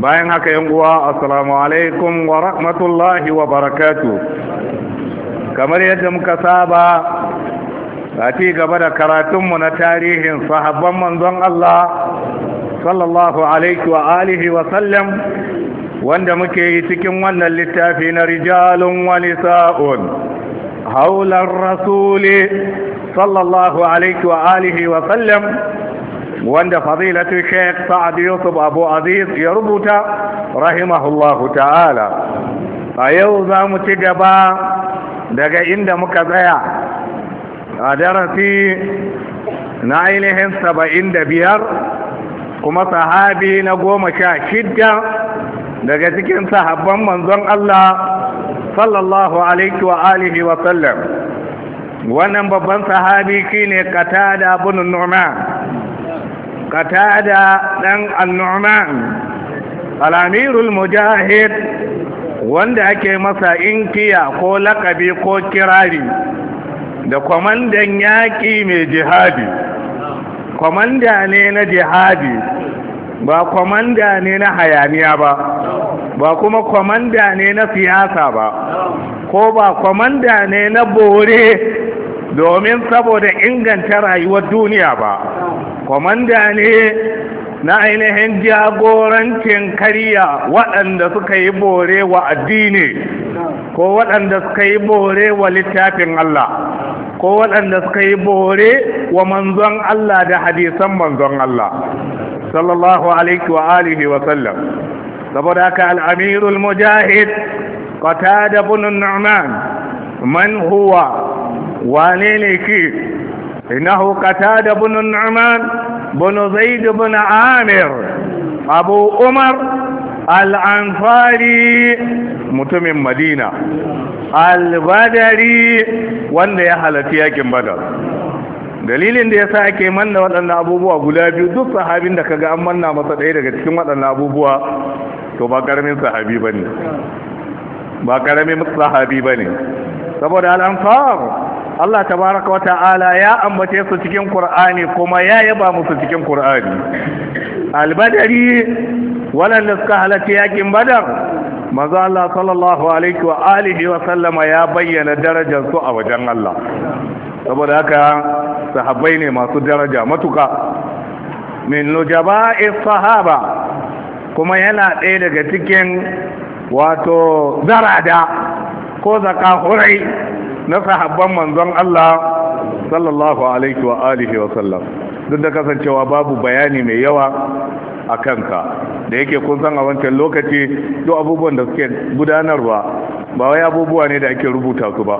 bayan haka yan uwa assalamu alaikum wa rahmatullahi wa barakatu kamar yadda muka saba a ci gaba da karatunmu na tarihin sahabban manzon Allah sallallahu alaihi wa alihi wa sallam wanda muke yi cikin wannan littafi na rijalun wa nisa'un haular rasuli sallallahu alaihi wa alihi wa sallam wanda fadilatu sheikh sa'ad yusuf abu aziz ya rubuta rahimahullahu ta'ala a yau za mu ci gaba daga inda muka tsaya a darasi na ainihin saba'in da biyar kuma sahabi na goma sha shidda daga cikin sahabban manzon Allah sallallahu alaihi wa alihi wa sallam wannan babban sahabi shine qatada ibn nu'man katada ɗan annu'man alamirul mujahid wanda ake masa inkiya ko lakabi ko kirari da kwamandan yaƙi mai jihadi kwamanda ne na jihadi ba kwamanda ne na hayaniya ba ba kuma kwamanda ne na siyasa ba ko ba kwamanda ne na bore domin saboda inganta rayuwar duniya ba Komanda ne na ainihin jagorancin kariya waɗanda suka yi bore wa addini ko waɗanda suka yi bore wa littafin Allah ko waɗanda suka yi bore wa manzon Allah da hadisan manzon Allah sallallahu alaihi wa alihi wa sallam saboda haka al'amirul mujahid qatada ibn nu'man man huwa wane ne ki إنه قتادة بن النعمان بن زيد بن عامر أبو عمر al'amfari mutumin madina albadari wanda ya halarci yakin badar dalilin da ya sa ake manna waɗannan abubuwa guda biyu duk sahabin da ka ga an manna masa ɗaya daga cikin waɗannan abubuwa to ba ƙaramin sahabi ba ne ba ƙaramin sahabi ba ne saboda al'amfar Allah tabaraka wa ta'ala ya ambace su cikin Qur'ani kuma ya yaba musu cikin Qur'ani albadari waɗanda suka halarci yakin badar maza Allah sallallahu alaihi wa alihi wa sallama ya bayyana darajar su a wajen Allah saboda haka sahabbai ne masu daraja matuka min nujaba'i sahaba kuma yana ɗaya daga cikin wato zarada ko zaka hurai na sahabban manzon Allah sallallahu alaihi wa alihi wa sallam duk da kasancewa babu bayani mai yawa a kanka da yake kun san a wancan lokaci duk abubuwan da suke gudanarwa ba wai abubuwa ne da ake rubuta su ba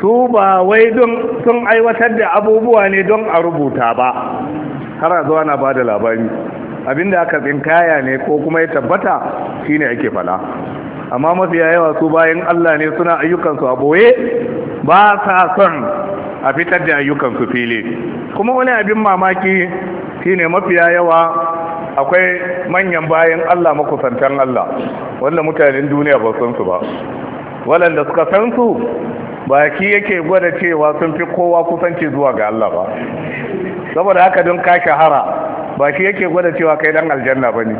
su ba wai don sun aiwatar da abubuwa ne don a rubuta ba har a zuwa na ba da labari abinda aka tsinkaya ne ko kuma ya tabbata shine ake fala amma mafiya yawa su bayan Allah ne suna ayyukansu a boye ba sa son a fitar da ayyukansu fili kuma wani abin mamaki shine mafiya yawa akwai manyan bayan Allah makusantan Allah wanda mutanen duniya ba san su ba waɗanda suka san su baki yake gwada cewa sun fi kowa kusanci zuwa ga Allah ba saboda haka don ka shahara ba shi yake gwada cewa kai dan aljanna ba ne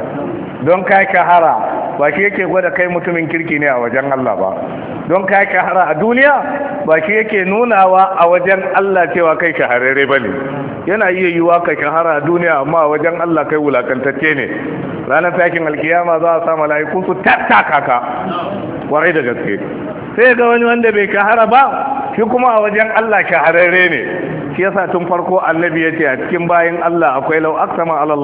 don ka shahara ba shi yake gwada kai mutumin kirki ne a wajen Allah ba don ka shahara a duniya ba shi yake nunawa a wajen Allah cewa kai shahararre ba ne yana iya yiwa ka shahara a duniya amma a wajen Allah kai wulakantacce ne ranar sakin alkiyama za a sa mala'iku su tattaka ka warai da gaske sai ga wani wanda bai shahara ba shi kuma a wajen Allah shahararre ne shi yasa tun farko annabi ya ce a cikin bayan Allah akwai law aqsama ala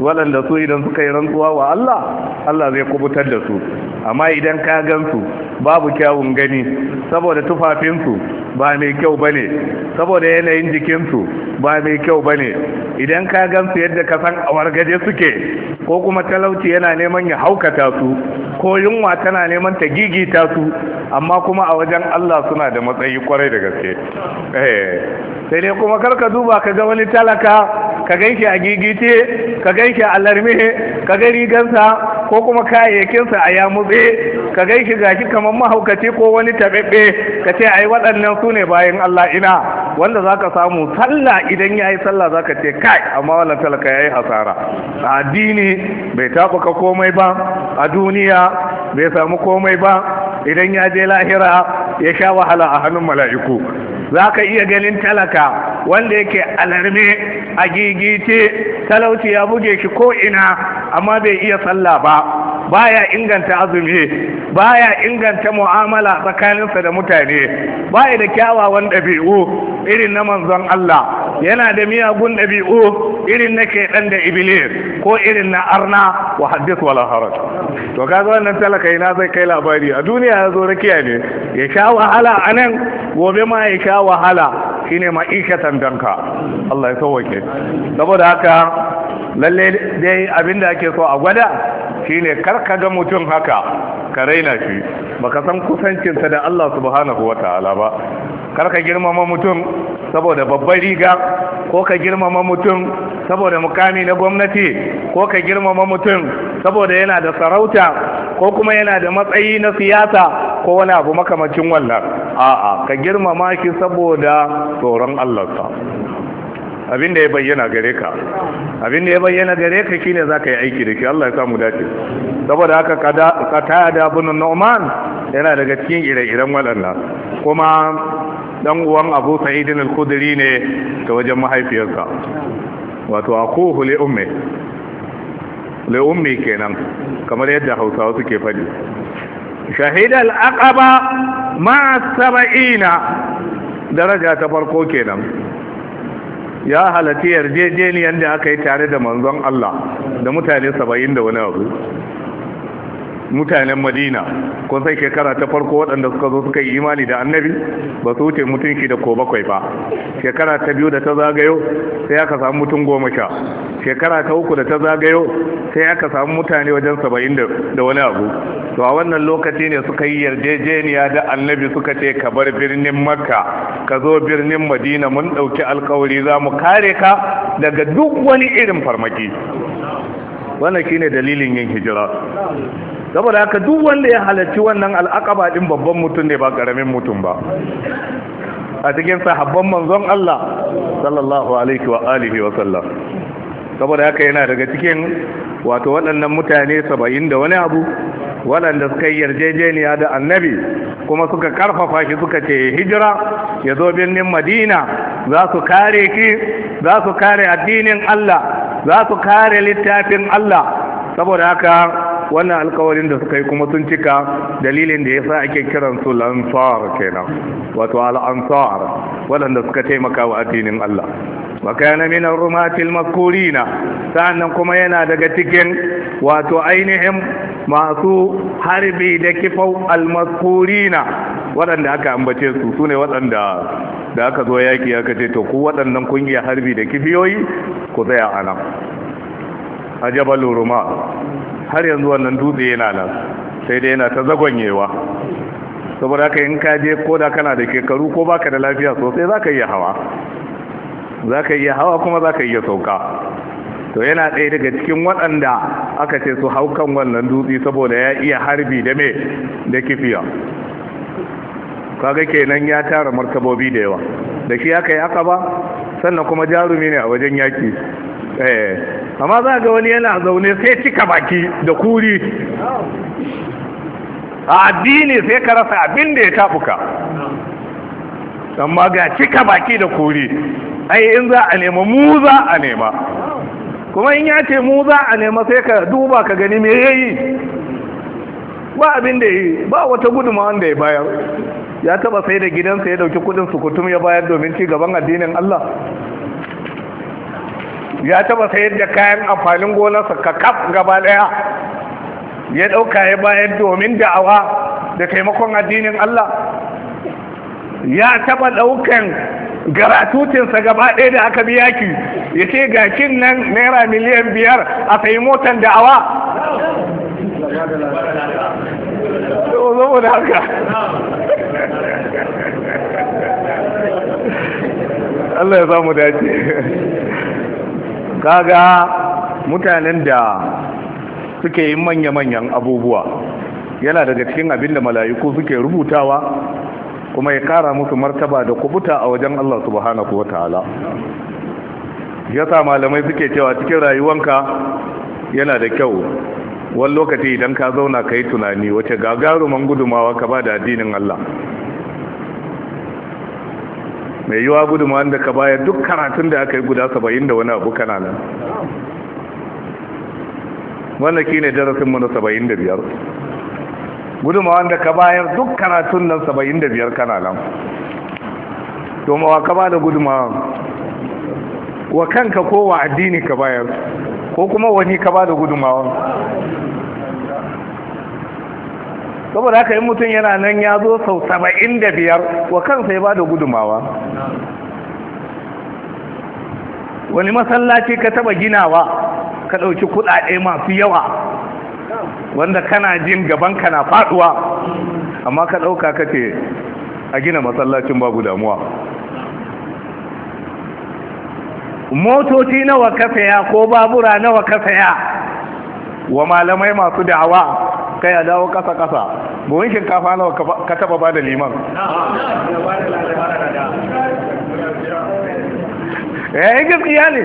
waɗanda su idan suka yi rantsuwa wa Allah Allah zai kubutar da su amma idan ka gansu babu kyawun gani saboda tufafinsu ba mai kyau ba ne saboda yanayin jikinsu ba mai kyau ba ne idan ka gansu yadda ka san wargaje suke ko kuma talauci yana neman ya haukata su ko yunwa tana neman ta gigita su amma kuma a wajen Allah suna da matsayi kwarai da gaske eh, sai ne kuma karka duba ka ga wani talaka ka ganshi a gigice ka gan shi a larme ka ga rigansa ko kuma kayayyakinsa a yamutse ka gan shi gashi kamar mahaukaci ko wani taɓeɓɓe ka ce ai waɗannan su ne bayan Allah ina wanda za ka samu sallah idan ya yi sallah za ka ce kai amma wannan talaka ya yi hasara a addini bai taɓuka komai ba a duniya bai samu komai ba idan ya je lahira ya sha wahala a hannun mala'iku za ka iya ganin talaka wanda yake alarme a gigice talauci ya buge shi ko ina amma bai iya sallah ba baya inganta azumi baya inganta mu'amala tsakaninsa da mutane baya da kyawawan ɗabi'u irin na manzon Allah yana da miyagun ɗabi'u irin na ke ɗan da ibilis ko irin na arna wa haddis wala haraj to kaga wannan talaka ina zai kai labari a duniya ya zo rakiya ne ya sha wahala anan gobe ma ya sha wahala shine ma'ikatan danka Allah ya sauwake saboda haka lalle dai abin da ake so a gwada shine ka ga mutum haka ka raina shi baka san kusancinsa da Allah subhanahu wataala ba karka girmama mutum saboda babbar riga ko ka girmama mutum saboda mukami na gwamnati ko ka girmama mutum saboda yana da sarauta ko kuma yana da matsayi na siyasa ko wani abu makamacin wannan a'a ka girmama shi saboda tsoron Allah Abin da ya bayyana gare ka abin da ya bayyana gare ka shine zaka yi aiki da shi Allah ya sa mu dace saboda haka kada da ibn Nu'man yana daga cikin ire-iren waɗannan kuma dan uwan Abu Sa'id al-Khudri ne ta wajen mahaifiyarsa wato akuhu li ummi li ummi kenan kamar yadda Hausawa suke faɗi Shahidar al-aqaba ma sab'ina daraja ta farko kenan ya halatti yarjejeniyar da aka yi tare da manzon Allah da mutane saba'in da wani abu mutanen madina kun sai shekara ta farko waɗanda suka zo suka yi imani da annabi ba su wuce mutunci da ko bakwai ba shekara ta biyu da ta zagayo sai aka samu mutum goma sha shekara ta uku da ta zagayo sai aka samu mutane wajen saba'in da wani abu to a wannan lokaci ne suka yi yarjejeniya da annabi suka ce ka bar birnin makka ka zo birnin madina mun ɗauki alkawari za mu kare ka daga duk wani irin farmaki wannan shine dalilin yin hijira saboda haka duk wanda ya halarci wannan ba din babban mutum ne ba karamin mutum ba a cikin sahabban manzon Allah sallallahu alaihi wa alihi wa sallam saboda haka yana daga cikin wato waɗannan mutane saba'in da wani abu waɗanda suka yi yarjejeniya da annabi kuma suka karfafa shi suka ce hijira ya zo birnin madina za su kare ki za su kare addinin Allah za su kare littafin Allah saboda haka wannan alkawarin da suka yi kuma sun cika dalilin da ya sa ake kiran su lansar kenan wato al'ansar waɗanda suka taimaka wa addinin Allah wa kana min ar-rumatil makurina kuma yana daga cikin wato ainihin masu harbi da kifau al makurina waɗanda aka ambace su sune waɗanda da aka zo yaki aka ce to ku waɗannan kun harbi da kifiyoyi ku tsaya a nan a har yanzu wannan dutse yana nan sai dai yana ta zagonyewa saboda ka in ka je ko da kana da kekaru ko baka da lafiya sosai zaka iya hawa zaka iya hawa kuma zaka iya sauka to yana ɗaya daga cikin waɗanda aka ce su hau kan wannan dutse saboda ya iya harbi da me da kifiya kaga kenan ya tara martabobi da yawa da shi aka yi aka ba sannan kuma jarumi ne a wajen yaki eh amma za ga wani yana zaune sai cika baki da kuri a addini sai ka rasa abin da ya tafuka amma ga cika baki da kuri ai in za a nema mu za a nema kuma in ya ce mu za a nema sai ka duba ka gani me yayi ba abin da yi ba wata guduma wanda ya bayar ya taba sai da gidansa ya dauki kudin sukutum ya bayar domin ci gaban addinin Allah ya taba sayar da kayan amfanin gonarsa kakaf gaba daya ya dauka ya bayar domin da'awa da taimakon addinin Allah ya taba daukan garatutinsa gaba ɗaya da aka biya ki ya ce ga kin nan naira miliyan biyar a sayi motan da'awa Allah ya samu dace kaga mutanen da suke yin manya-manyan abubuwa yana daga cikin abinda da mala'iku suke rubutawa kuma ya kara musu martaba da kubuta a wajen Allah subhanahu wata'ala sa malamai suke cewa cikin rayuwanka yana da kyau wani lokaci idan ka zauna ka yi tunani wace gagaruman gudumawa ka ba da addinin Allah mai yiwa gudunmawar da ka bayar duk karatun da aka yi guda saba'in da wani abu kana nan wanda ki ne darasinmu na saba'in da biyar gudunmawar da ka bayar duk karatun nan saba'in da biyar kana nan domin wa ka ba da gudunmawar wa kanka ko wa addini ka bayar ko kuma wani ka ba da gudunmawar saboda haka in mutum yana nan ya zo sau saba'in da biyar wa kansa ya ba da gudumawa wani masallaci ka taba ginawa ka ɗauki kuɗaɗe masu yawa wanda kana jin gaban kana faɗuwa amma ka ɗauka ka ce a gina masallacin babu damuwa motoci nawa ka saya ko babura nawa ka saya wa malamai masu da'awa kai ya dawo kasa kasa buhun shinkafa nawa ka taba ba da liman ya eh, yi gaskiya ne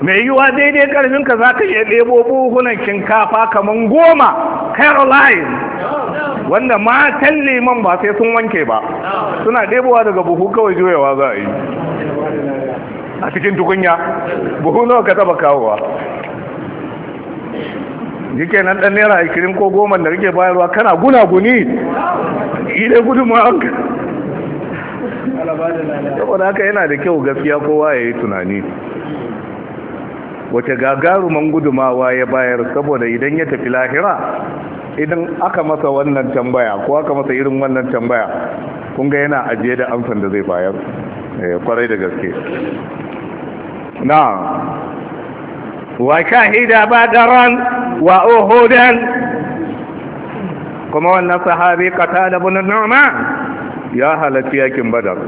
mai yiwuwa daidai ka za ka iya ɗebo buhunan shinkafa kamar goma caroline wanda matan liman ba sai sun wanke ba suna ɗebowa daga buhu kawai juyawa za a yi a cikin tukunya buhu nawa ka taba kawowa yake nan dan naira ashirin ko goma da rike bayarwa kana guna guni idai saboda haka yana da kyau gaskiya kowa ya yi tunani wace gagaruman gudumawa ya bayar saboda idan ya tafi lahira idan aka masa wannan tambaya ko aka masa irin wannan tambaya kunga yana ajiye da amsan da zai bayar eh, kwarai da gaske na وشهد بدرا وأهدا كما أن صحابي قتال بن النعمان يا هلت ياكم بدر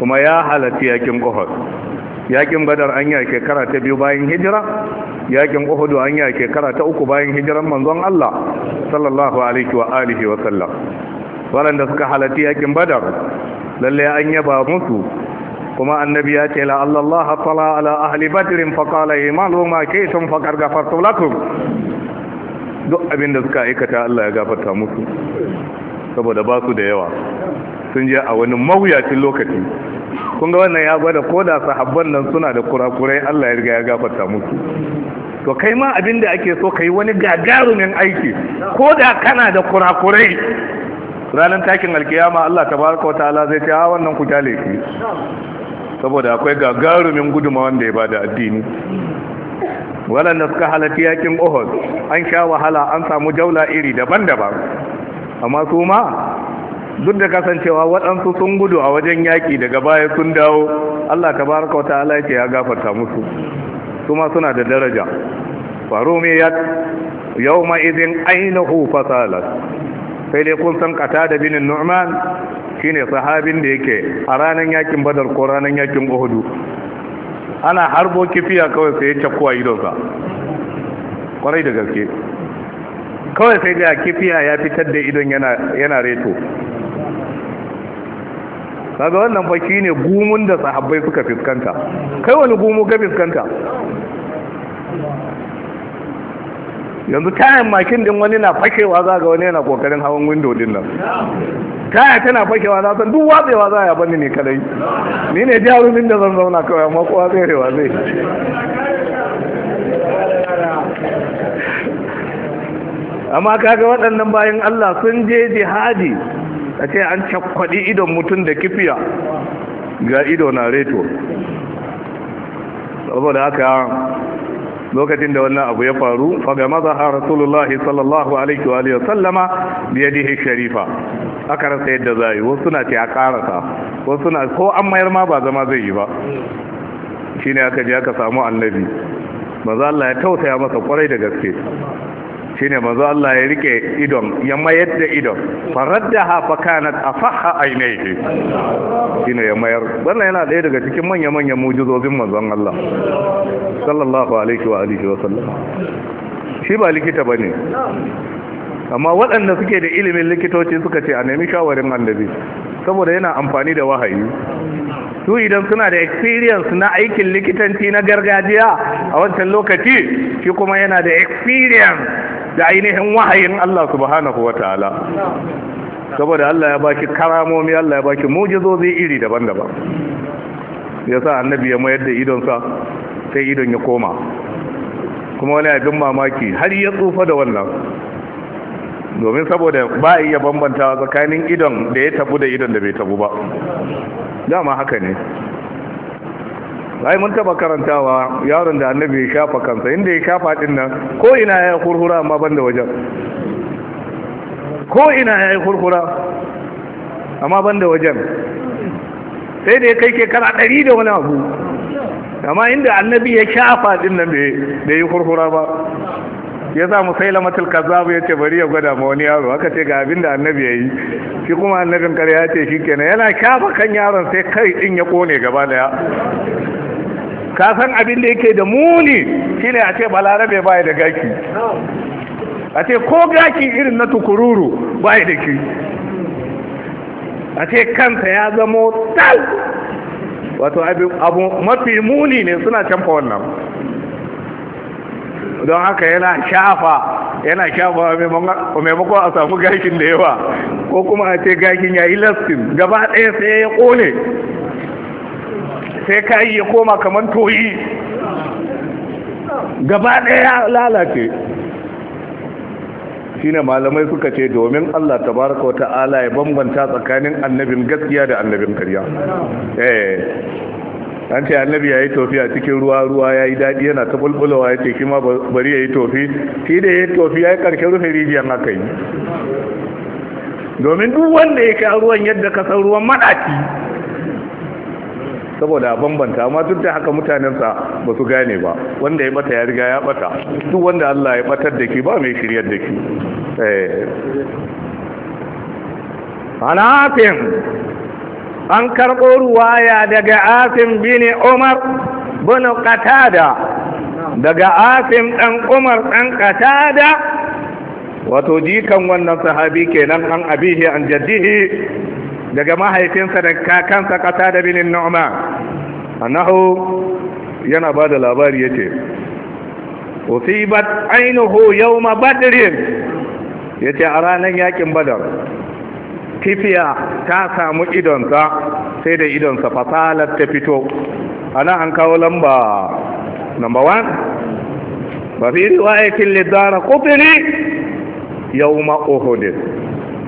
كما يا هلت ياكم أهد yakin badar an yi shekara ta biyu bayan hijira yakin uhudu an yi shekara ta uku bayan hijiran manzon Allah sallallahu alaihi wa wa sallam waɗanda suka halarci yakin badar lallai an yaba musu kuma annabi ya ce la Allah tala ala ahli badrin fa qala ma kaytum fa qad ghafartu lakum duk abinda suka aikata Allah ya gafarta musu saboda ba su da yawa sun je a wani mawuyacin lokaci kun ga wannan ya gwada ko da sahabban nan suna da kurakurai Allah ya riga ya gafarta musu to kai ma abin da ake so kai wani gagarumin aiki ko da kana da kurakurai ranar takin alkiyama Allah tabaraka wa ta'ala zai ce a wannan ku tale ki saboda akwai gagarumin guduma wanda ya bada addini waɗanda suka halarci yakin ohud an sha wahala an samu jaula iri daban-daban amma su duk da kasancewa waɗansu sun gudu a wajen yaƙi daga baya sun dawo allah ta baraka wata ala ce ya gafarta musu su suna da daraja faru mai yau ma izin ainihu fasalar sai dai kun san kata da binin nu'man shine sahabin da yake a ranar yakin badar ko ranar yakin uhudu ana harbo kifiya kawai sai ya cakkuwa idonsa kwarai da gaske kawai sai da kifiya ya fitar da idon yana reto kaga wannan fa shine gumun da sahabbai suka fiskanta kai wani gumu ka fiskanta yanzu tayan makin din wani na fashewa za ga wani yana kokarin hawan windo din nan kaya tana fashewa na san duk watsewa za ya bani ne kadai ni ne jarumin da zan zauna kawai amma kowa zai rewa zai amma kaga waɗannan bayan Allah sun je jihadi a ce an cakwaɗi idon mutum da kifiya ga ido na reto saboda haka lokacin da wannan abu ya faru faga mazaha rasulullah sallallahu alaihi wa alihi sallama yadihi sharifa aka rasa yadda zai wasu na ce a karasa wasu na ko an mayar ma ba zama zai yi ba shine aka je aka samu annabi maza Allah ya tausaya masa kwarai da gaske shine manzo Allah ya rike idon ya mayar da idon faraddaha fa kanat afaha ainihi shine ya mayar wannan yana daya daga cikin manya-manyan mujizozin manzon Allah sallallahu alaihi wa alihi wa sallam shi ba likita bane amma waɗanda suke da ilimin likitoci suka ce a nemi shawarin annabi saboda yana amfani da wahayi su idan suna da experience na aikin likitanci na gargajiya a wancan lokaci shi kuma yana da experience da ainihin wahayin Allah subhanahu wataala saboda Allah ya baki karamomi Allah ya baki mujizozi iri daban-daban yasa annabi ya mayar da idonsa sai idon ya koma kuma wani abin mamaki har ya tsufa da wannan domin saboda ba a iya bambanta tsakanin idon da ya tabu da idon da bai tabu ba dama haka ne ai mun taba karantawa yaron da annabi ya shafa kansa inda ya shafa din nan ko ina ya kurkura amma banda wajen ko ina ya kurkura amma banda wajen sai da ya kai shekara ɗari da wani abu amma inda annabi ya shafa din nan bai yi kurkura ba ya sa matul kazzab ya ce bari ya gwada ma wani yaro aka ce ga abin da annabi yayi shi kuma annabin kare ya ce shikenan yana shafa kan yaron sai kai din ya kone gaba daya Kasan san abin da yake da muni shine a ce balarabe baya da gaki a ce ko gaki irin na tukururu ya da ki? a ce kansa ya zamo tal wato abu mafi muni ne suna canfa wannan don haka yana shafa yana shafa maimakon a samu gakin da yawa ko kuma a ce gakin ya yi lastin gaba ɗaya sai ya ƙone sai kayi ya koma kamar toyi gaba ɗaya lalace Shi ne malamai suka ce domin Allah tabaraka wa ta'ala ya bambanta tsakanin annabin gaskiya da annabin karya eh. an ce annabi ya yi tofi a cikin ruwa ruwa ya yi daɗi yana ta bulbulawa ya ce shi ma bari ya yi tofi shi da ya yi tofi ya yi ƙarshen rufe rijiyar haka yi domin duk wanda ya sha ruwan yadda ka ruwan maɗaci saboda a bambanta amma duk da haka mutanensa ba su gane ba wanda ya bata ya riga ya bata duk wanda Allah ya batar da ke, ba mai shiryar da ke. ki Alafin an karɓo ruwaya daga Asim bin Umar bin Qatada daga Asim dan Umar dan Qatada wato jikan wannan sahabi kenan an abihi an jaddihi daga mahaifinsa da kakansa Katada binin Nu'man a yana ba da labari ya ce ba ainihu yau ma badirin ya ce a ranar yakin badar kifiya ta samu idonsa sai da idonsa fasalar ta fito ana an kawo lamba number one ba fi aikin lidara kufiri yau ma ohudin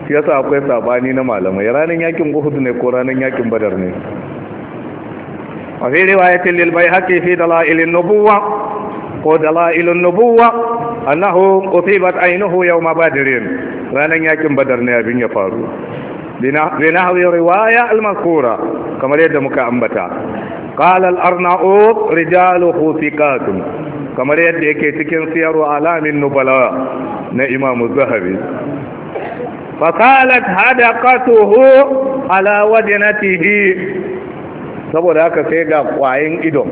siyasa akwai sabani na malamai ranar yakin uhud ne ko ranar yakin badar ne وفي رواية للبيهقي في دلائل النبوة ودلائل النبوة أنه أصيبت عينه يوم بدر وأنا يكن بدر بن يفارو بنحو رواية المذكورة كما يد مكأمبتا قال الأرناؤوط رجال ثقات كما ريد يكي تكن سير علام النبلاء نإمام الذهبي فقالت هدقته على وجنته saboda haka sai ga kwayan idon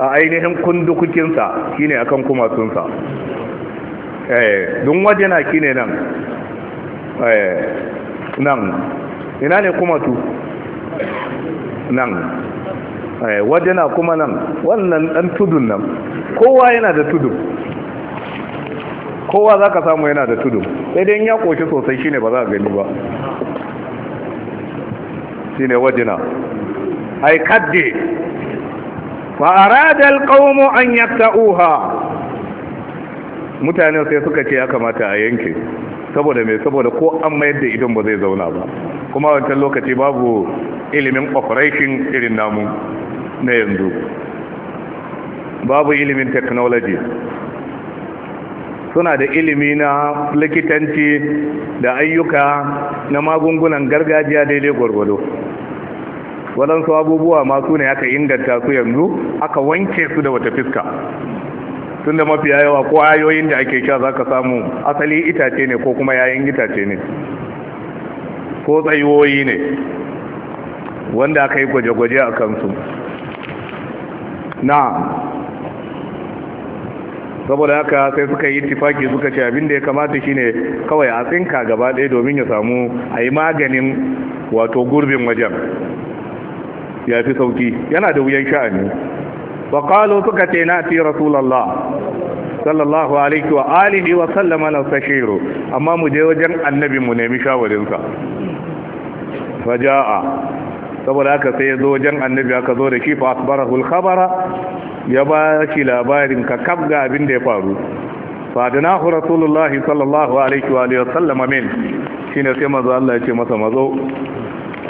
a ainihin kundukukinsa ne akan kumatunsa eh dun wajena shine nan eh, nan ina ne kumatu nan eh, waje wajena kuma nan wannan dan tudun nan kowa yana da tudun kowa za ka samu yana da tudun sai dai ya koshi sosai shine ba za a gani ba waje wajena ay kaddi fa arada alqawm an yaqta'uha mutane sai suka ce ya kamata a yanke saboda me saboda ko an mayar da idan ba zai zauna ba kuma wancan lokaci babu ilimin operation irin namu na yanzu babu ilimin technology suna da ilimi na likitanci da ayyuka na magungunan gargajiya daidai gwargwado waɗansu abubuwa masu ne aka inganta su yanzu aka wanke su da wata fiska tun da mafiya yawa ko ayoyin da ake sha za ka samu asali itace ne ko kuma yayin itace ne ko tsayoyi ne wanda aka yi gwaje-gwaje a kansu na saboda haka sai suka yi tifaki suka ce abin da ya kamata shine kawai a tsinka gaba ɗaya domin ya samu a yi maganin wato gurbin wajen ya fi sauki yana da wuyan sha'ani wa qalu suka ce na fi rasulullah sallallahu alaihi wa alihi wa sallama na sashiru amma mu je wajen annabi mu nemi shawarinsa faja'a saboda haka sai ya zo wajen annabi aka zo da shi fa asbarahu al-khabara ya ba shi labarin ka kab ga abin da ya faru fadinahu rasulullahi sallallahu alaihi wa alihi wa sallama min shine sai manzo Allah ya ce masa mazo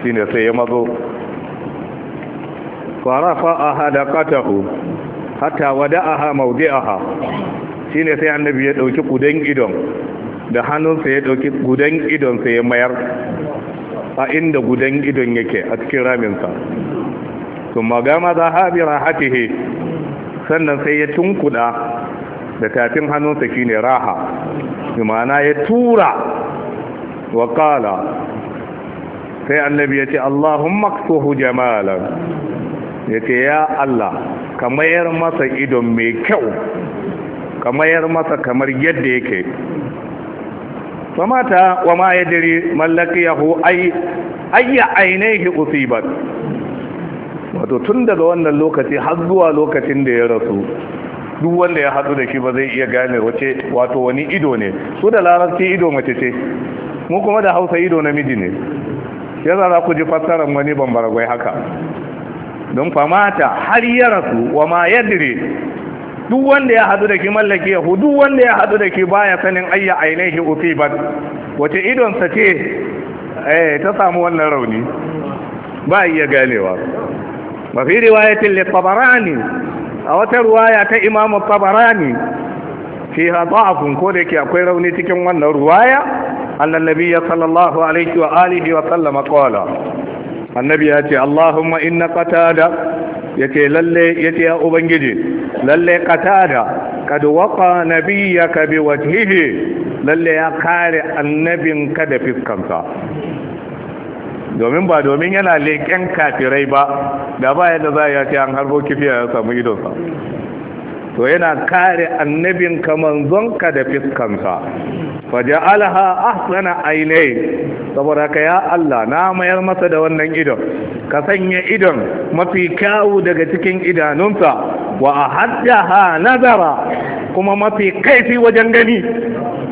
shine sai ya mazo farafa hadaqatahu hatta ha shi shine sai annabi ya dauki kudan idon da hannunsa ya dauki gudan idon sa ya mayar a inda gudan idon yake a cikin raminsa kuma ga ma za habi rahatihi sannan sai ya tunkuda da tafin hannunsa shine raha imana ya tura wa kala sai annabi ya ce allahun maksuhu jamalan ya ce ya Allah ka mayar masa idon mai kyau ka mayar masa kamar yadda yake famata wa ma ya mallakiyahu ayya ainihi usibat wato tun daga wannan lokaci har zuwa lokacin da ya rasu duk wanda ya hadu da shi ba zai iya gane wace wato wani ido ne su da larabci ido mace ce mu kuma da hausa ido namiji ne ya za ku ji fassarar wani bambaragwai haka don famata har ya rasu wa ma dire duk wanda ya hadu da ki mallake yahu duk wanda ya hadu da ki baya sanin ayya ainihi ba wace idonsa ce eh ta samu wannan rauni ba iya ganewa ba fi riwayatin li a wata ruwaya ta imamu tabarani fi a ko da ke akwai rauni cikin wannan ruwaya annan ya sallallahu alaihi wa alihi wa sallama kola annabi ya ce Allahumma inna qatada yace lalle yace ya ubangiji lalle qatada kad waqa nabiyyaka bi wajhihi lalle ya kare annabin ka da fiskansa domin ba domin yana leƙen kafirai ba da ba yadda za ya ce an harbo kifiya ya samu idonsa to yana kare annabin ka manzonka da fiskansa faja'alaha ahsana aynay saboda ka ya Allah na mayar masa da wannan idon ka sanya idon mafi kyawu daga cikin idanunsa wa ahaddaha nazara kuma mafi kaifi wajen gani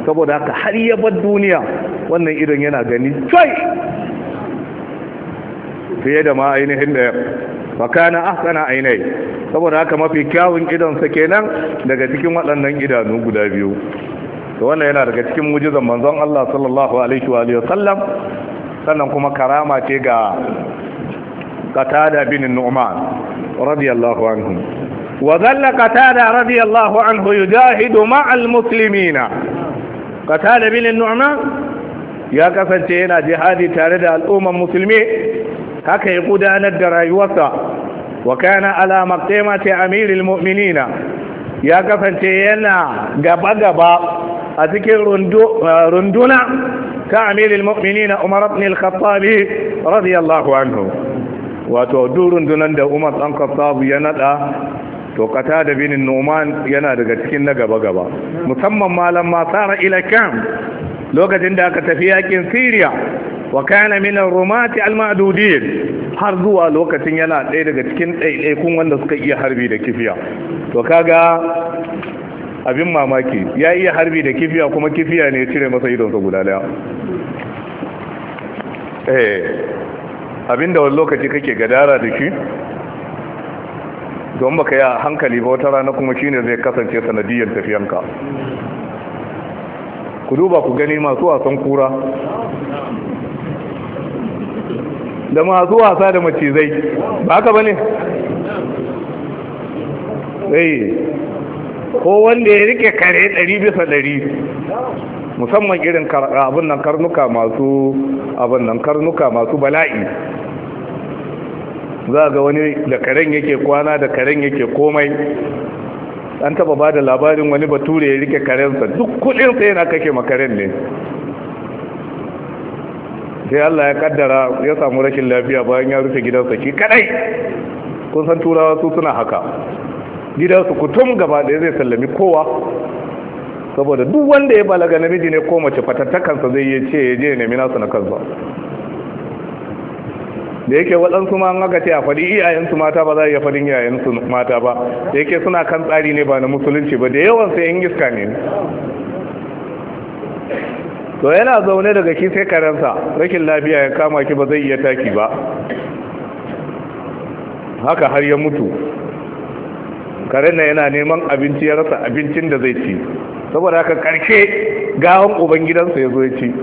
saboda haka har ya bar duniya wannan idon yana gani sai fiye da ma ainihin da kana ahsana ainai saboda haka mafi kyawun idon sa kenan daga cikin waɗannan idanu guda biyu to wannan yana daga cikin mujizan manzon Allah sallallahu alaihi wa sallam sannan kuma karama ce ga qatada bin nu'man radiyallahu anhu wa dhalla qatada radiyallahu anhu yujahidu ma'al muslimina qatada bin nu'man ya kasance yana jihadi tare da al'umman musulmi haka ya gudanar da rayuwarsa wa kana ala maqtamati amiril mu'minina ya kasance yana gaba gaba a cikin runduna ta amiril mu'minina umar ibn al radiyallahu anhu wato duk rundunan da umar dan khattab ya naɗa. to kata da binin numan yana daga cikin na gaba gaba musamman malam ma sara ila lokacin da aka tafi yakin Syria wa kana min ar-rumati al har zuwa lokacin yana ɗaya daga cikin ɗaiɗaikun wanda suka iya harbi da kifiya to kaga abin mamaki ya iya harbi da kifiya kuma kifiya ne cire masa idonsa guda daya eh, abin da wani lokaci kake gadara da shi don baka yi hankali ba wata rana kuma shi ne zai kasance sanadiyar tafiyanka ku duba ku gani masu wasan kura da masu wasa da macizai ba ka ba ne eh, ko wanda ya rike kare ɗari bisa ɗari musamman irin abin nan karnuka masu abin nan karnuka masu bala'i za ga wani da karen yake kwana da karen yake komai an taba ba da labarin wani bature ya rike karensa duk kudinsa yana kake makaren ne sai Allah ya kaddara ya samu rashin lafiya bayan ya rufe gidansa shi kadai kun san turawa su suna haka gidansu kutum gaba ɗaya zai sallami kowa saboda duk wanda ya balaga namiji ne ko mace fatattakansa zai yi ce ya je nemi nasu na kansa da yake waɗansu ma aka ce a faɗi iyayensu mata ba za a iya faɗin iyayensu mata ba da yake suna kan tsari ne ba na musulunci ba da yawan sai yan iska ne to yana zaune daga ki sai karensa rashin lafiya ya kama ki ba zai iya taki ba haka har ya mutu karen na yana neman abinci ya rasa abincin da zai ci saboda haka karshe gawan ubangidansa ya zo ya ci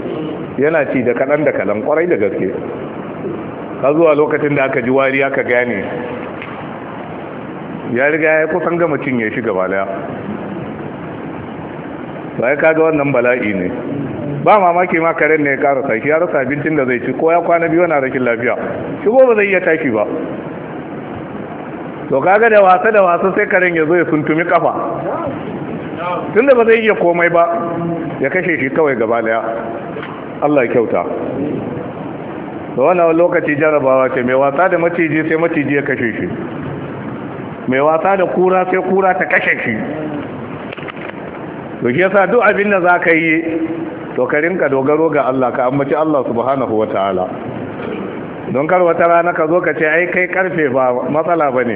yana ci da kaɗan da kaɗan kwarai da gaske ka zuwa lokacin da aka ji wari aka gane ya riga ya kusan gama cinye shi gaba daya sai kaga wannan bala'i ne ba mamaki ma karen ne ya karasa shi ya rasa abincin da zai ci ko ya kwana biyu na rashin lafiya shigo ba zai iya tashi ba to kaga da wasa da wasa sai karen ya zo ya suntumi kafa tunda ba zai iya komai ba ya kashe shi kawai gaba daya Allah ya kyauta da wannan lokaci jarabawa ce mai wasa da maciji sai maciji ya kashe shi mai wasa da kura sai kura ta kashe shi to shi yasa duk abin da zaka yi to ka rinka dogaro ga Allah ka ammaci Allah subhanahu wataala don kar wata rana ka zo ka ce ai kai karfe ba matsala ba ne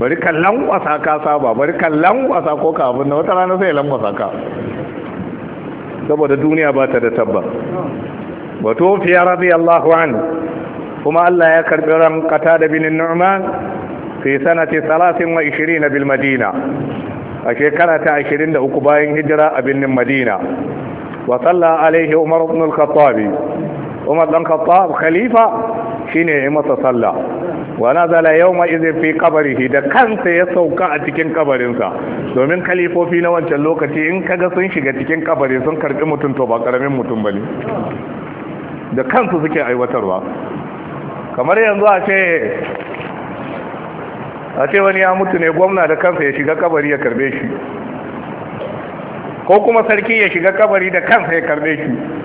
bari ka lankwasa ka saba bari ka lankwasa ko ka abin da wata rana sai lankwasa ka saboda duniya ba ta da tabba wa tofiya Allah anhu kuma Allah ya karbi ran kata da binin nu'man fi sanati 23 bil madina a shekara ta uku bayan hijira a binin madina wa salla alaihi umar ibn al-khattab umar dan khattab khalifa shine ya yi masa sallah wa nazala yawma idhin fi qabrihi da kansa ya sauka a cikin kabarinsa domin kalifofi na wancan lokaci in kaga sun shiga cikin kabari sun karbi mutum to ba karamin mutum bane da kansu suke aiwatarwa kamar yanzu a ce a ce wani ya mutu ne gwamna da kansa ya shiga kabari ya karbe shi ko kuma sarki ya shiga kabari da kansa ya karbe shi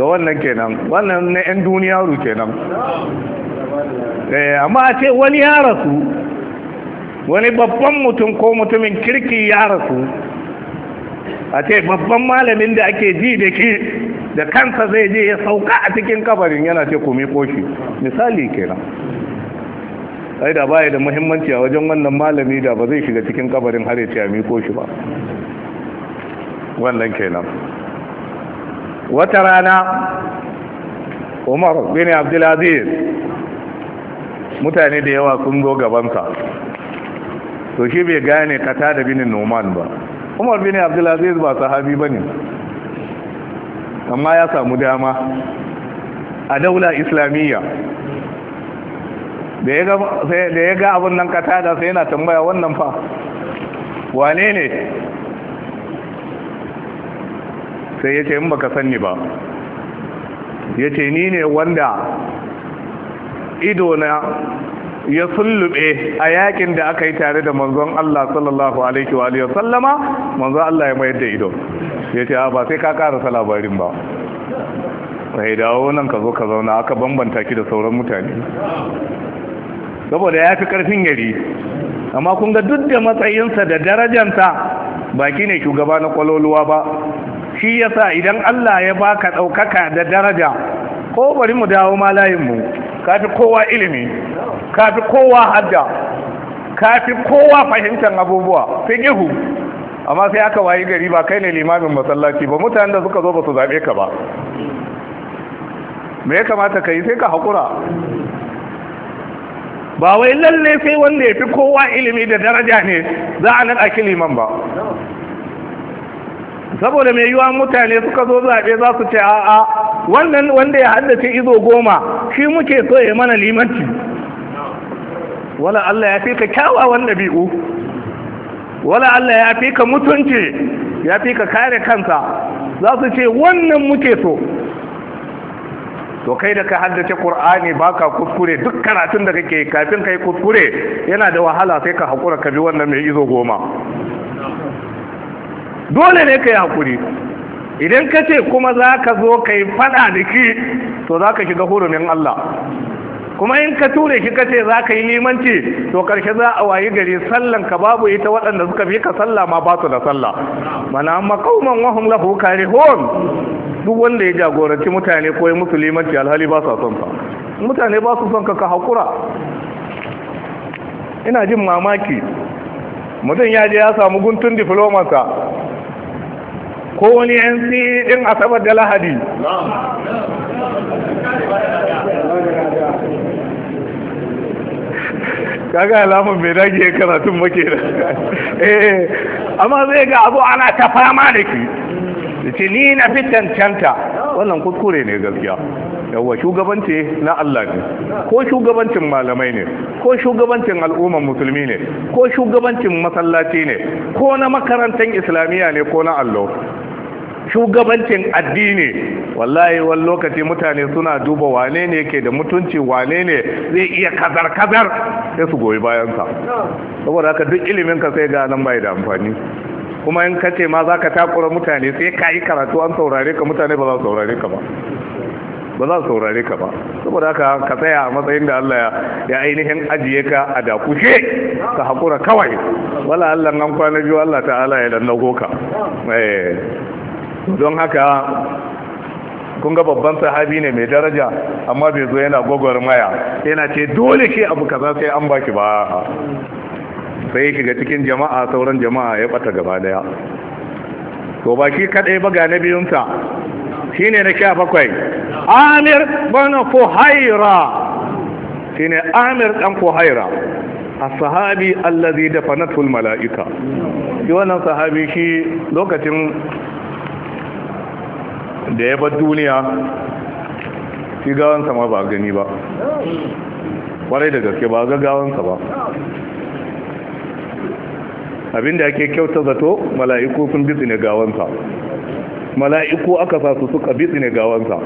ga wannan kenan wannan na 'yan duniya ru kenan eh, amma a ce wani ya rasu wani babban mutum ko mutumin kirki ya rasu a ce babban malamin da ake ji da ke da kansa zai je ya sauka a cikin kabarin yana ce kome koshi misali kenan sai da baya da muhimmanci a wajen wannan malami da ba zai shiga cikin kabarin har ya ce a miko shi ba wannan kenan wata rana umar bin abdulaziz mutane da yawa sun zo gabansa to shi bai gane kata da binin noman ba umar bin abdulaziz ba sahabi ba ne amma ya samu dama a daula islamiyya da ya ga abin nan kata da sai yana tambaya wannan fa wane ne sai ya ce in baka sani ba ya ce ni ne wanda idona ya sullube a yakin da aka yi tare da manzon Allah sallallahu alaihi wa alihi sallama manzon Allah ya mayar da ido ya ce ba sai ka karasa labarin ba sai dawo nan ka zo ka zauna aka bambanta ki da sauran mutane saboda ya fi karfin yari amma kun ga duk da matsayinsa da darajansa baki ne shugaba na kwaloluwa ba shi yasa idan Allah ya baka ɗaukaka da daraja ko bari mu dawo ma layinmu kafi kowa ilimi kafi kowa hadda kafi kowa fahimtar abubuwa fiqihu amma sai aka wayi gari ba kai ne limamin masallaci ba mutanen da suka zo ba su zabe ka ba me ya kamata ka yi sai ka haƙura ba wai lalle sai wanda ya fi kowa ilimi da daraja ne za a nan a kiliman ba saboda mai yiwuwa mutane suka zo zaɓe za su ce a'a wannan wanda ya haddace izo goma shi muke so ya mana limanci wala Allah ya fi ka kyawawan ɗabi'u wala Allah ya fi ka mutunci ya fi ka kare kansa za su ce wannan muke so to kai da ka haddace Kur'ani baka kuskure duk karatun da kake kafin kai kuskure yana da wahala sai ka haƙura ka bi wannan mai izo goma dole ne ka yi hakuri idan ka ce kuma za ka zo ka yi fada da ki to za ka shiga hurumin Allah kuma in ka ture shi ka ce za ka yi limanci to karshe za a wayi gari sallan ka babu ita waɗanda suka fi ka sallah ma ba su da sallah mana amma kauman wahum lahu hon duk wanda ya jagoranci mutane ko ya musu limanci alhali ba sa son ka mutane ba su son ka ka hakura ina jin mamaki mutum ya je ya samu guntun diplomansa ko wani yan din asabar da lahadi kaga alamun mai dage karatun muke da eh amma zai ga abu ana ta fama da ki ce ni na fi cancanta wannan kuskure ne gaskiya yawwa shugabanci na Allah ne ko shugabancin malamai ne ko shugabancin al'ummar musulmi ne ko shugabancin masallaci ne ko na makarantar islamiyya ne ko na allo shugabancin addini wallahi wani lokaci mutane suna duba wane ne ke da mutunci wane ne zai iya kazar-kazar sai su goyi bayansa saboda haka duk ilimin ka sai ga nan bai da amfani kuma in kace ma zaka takura mutane sai ka yi karatu an saurare ka mutane ba za su saurare ka ba ba za su saurare ka ba saboda haka ka tsaya a matsayin da Allah ya ainihin ajiye ka a dakushe ka hakura kawai wala Allah nan kwana biyu Allah ta'ala ya nago ka eh don haka kun ga babban sahabi ne mai daraja amma bai zo yana gogor maya yana ce dole shi abu kaza sai an baki ba sai yake shiga cikin jama'a sauran jama'a ya bata gaba daya to ba shi kadai ba ga na biyunsa shine na sha bakwai amir bana fuhaira shine amir dan haira as-sahabi allazi da al-mala'ika shi wannan sahabi shi lokacin da ya bar duniya shi gawansa ma ba gani ba kwarai da gaske ba ga gawansa ba abinda ake kyauta zato mala'iku sun ne gawansa mala'iku aka sa su suka ne gawansa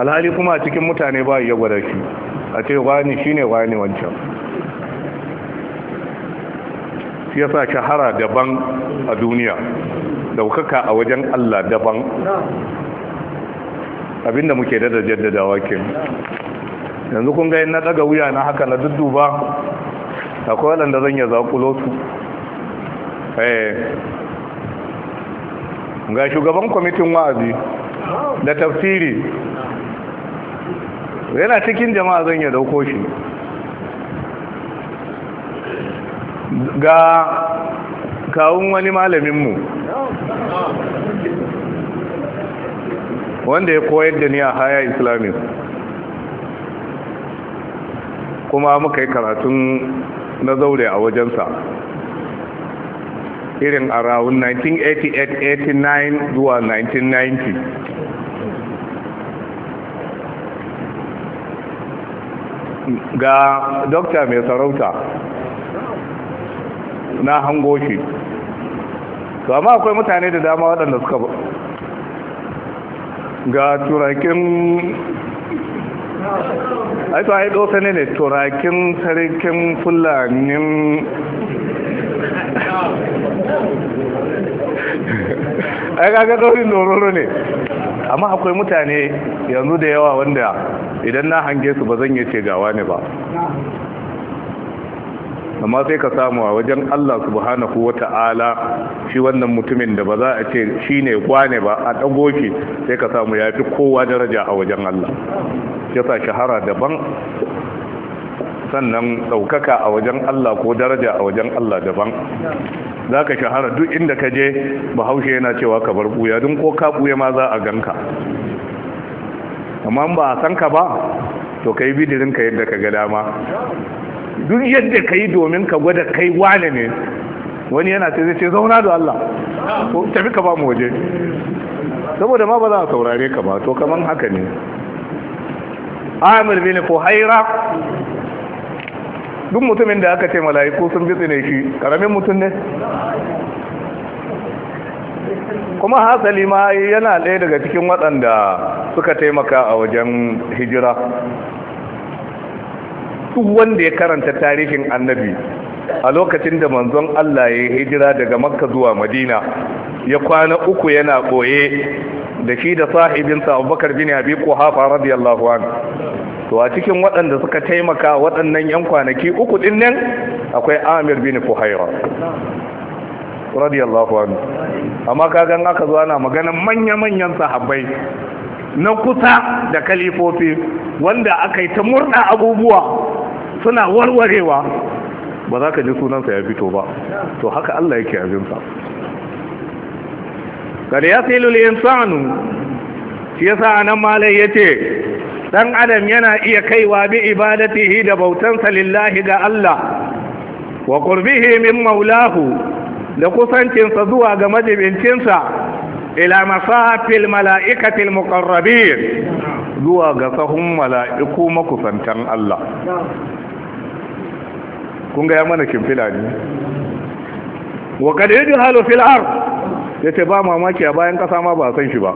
alhali kuma a cikin mutane ba ya gwada shi a ce wani shi ne wani wancan ya sa shahara daban a duniya daukaka a wajen Allah daban abinda muke dada jaddadawa ke yanzu kun ga na daga wuya na haka na dudduba akwai waɗanda zan yi zaƙulo su eh. ga shugaban kwamitin wa'azi da tafsiri yana cikin jama'a zan yi dauko shi ga kawun wani malaminmu wanda ya koyar da ni a haya islamic kuma muka yi karatun na zaure a wajensa irin a rawun 1988-89 zuwa 1990 ga dokta mai sarauta na hango shi to amma akwai mutane da dama waɗanda suka ga turakin aito ai dosa ne ne turakin sarkin fulanin ai ga daurin dororo ne amma akwai mutane yanzu da yawa wanda idan na hange su ba zan yi ce gawa ne ba amma sai ka samu a wajen Allah subhanahu wata'ala shi wannan mutumin da ba za a ce shine kwane ba a dago shi sai ka samu ya fi kowa daraja a wajen Allah yasa shahara daban sannan ɗaukaka a wajen Allah ko daraja a wajen Allah daban za ka shahara duk inda ka je bahaushe yana cewa ka bar ɓuya don ko ka ɓuya ma za a ganka amma ba a san ka ba to ka yi bidirin ka yadda ka ga dama duk yadda ka yi domin ka gwada kai wane ne wani yana ce zai ce zauna da Allah tafi ka ba mu waje saboda ma ba za a saurare ka ba to kaman haka ne amir bin fuhaira duk mutumin da aka ce mala'iku sun bi tsine shi karamin mutum ne kuma hasali ma yana ɗaya daga cikin waɗanda suka taimaka a wajen hijira duk wanda ya karanta tarihin annabi a lokacin da manzon Allah ya hijira daga makka zuwa madina ya kwana uku yana koye da shi da sahibinsa abubakar bin abi kuhafa radiyallahu an to a cikin waɗanda suka taimaka waɗannan yan kwanaki uku ɗin nan akwai amir bin fuhaira radiyallahu an amma kagan aka zo ana maganan manya-manyan sahabbai na kusa da kalifofi wanda aka yi ta murna abubuwa suna warwarewa ba za ka ji sunansa ya fito ba to haka Allah yake abinsa kada ya sai lullu insanu shi yasa anan malai ce, ɗan adam yana iya kaiwa bi ibadatihi da bautansa lillahi ga Allah wa qurbihi min maulahu da kusancinsa zuwa ga majibincinsa ila masafil mala'ikatil muqarrabin zuwa ga sahun mala'iku makusantan Allah kun ga ya mana kimfila ne wa kad yajhalu fil ard yace ba mamaki a bayan kasa ma ba san shi ba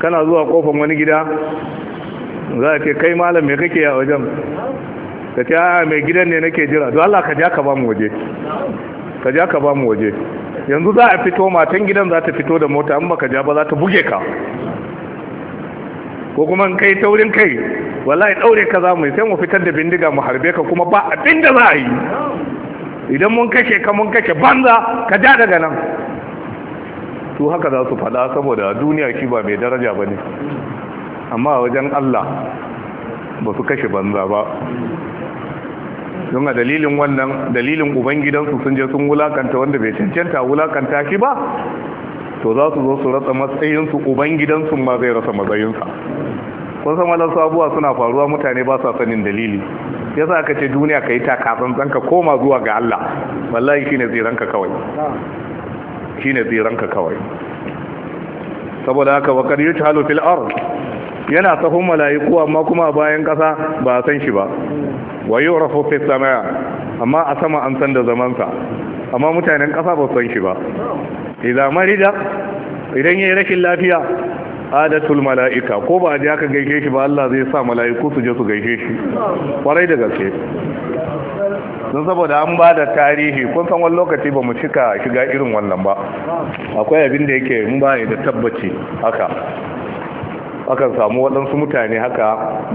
kana zuwa kofar wani gida za ce kai malam me kake a wajen ka ce a mai gidan ne nake jira don Allah ka ja ka ba mu waje ka ja ka ba mu waje yanzu za a fito matan gidan za ta fito da mota an baka ja ba za ta buge ka ko kuma in kai taurin kai wallahi daure ka za mu sai mu fitar da bindiga mu harbe ka kuma ba abin da za a yi idan mun kashe ka mun kashe banza ka ja daga nan To haka za su faɗa saboda duniya shi ba mai daraja ba ne amma wajen Allah ba su kashe banza ba don a dalilin wannan dalilin ubangidansu sun je sun wulakanta wanda bai cancanta wulakanta shi ba to za su zo su rasa matsayinsu ubangidansu ma zai rasa matsayinsa kun san sabuwa suna faruwa mutane ba sa sanin dalili ya sa ka ce duniya ka yi takatsantsan ka koma zuwa ga Allah wallahi shine tsiranka kawai shine tsiranka kawai saboda haka wa kad yujhalu fil yana sahun mala'iku amma kuma bayan kasa ba san shi ba wa yurafu fis samaa amma a sama an san da zaman sa amma mutanen kasa ba san shi ba idan marida idan yayi rashin lafiya adatul mala'ika ko ba a ji aka gaishe shi ba Allah zai sa mala'iku su je su gaishe shi kwarai da gaske don saboda an ba da tarihi kun san wani lokaci ba mu cika shiga irin wannan ba akwai abin da yake mun ba da tabbaci haka akan samu waɗansu mutane haka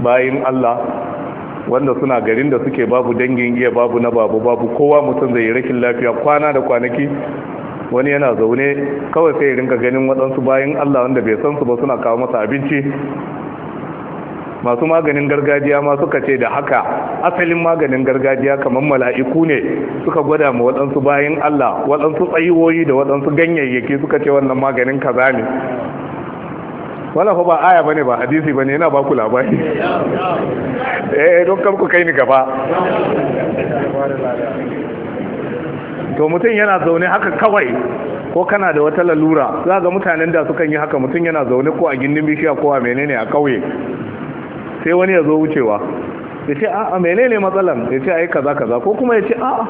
bayan Allah wanda suna garin da suke babu dangin iya babu na babu babu kowa mutum zai yi rashin lafiya kwana da kwanaki wani yana zaune kawai sai rinka ganin waɗansu bayan Allah wanda bai san su ba suna kawo masa abinci masu maganin gargajiya ma suka ce da haka asalin maganin gargajiya kamar mala'iku ne suka gwada ma waɗansu bayan Allah waɗansu tsayiwoyi da waɗansu ganyayyaki suka ce wannan maganin kaza ne wala ba aya bane ba hadisi bane yana ba ku labari eh don kam ku kai ni gaba to mutum yana zaune haka kawai ko kana da wata lalura za ga mutanen da sukan yi haka mutum yana zaune ko a gindin bishiya ko a menene a kauye sai wani ya zo wucewa ya ce a'a menene matsalan ya ce yi kaza kaza ko kuma ya ce a'a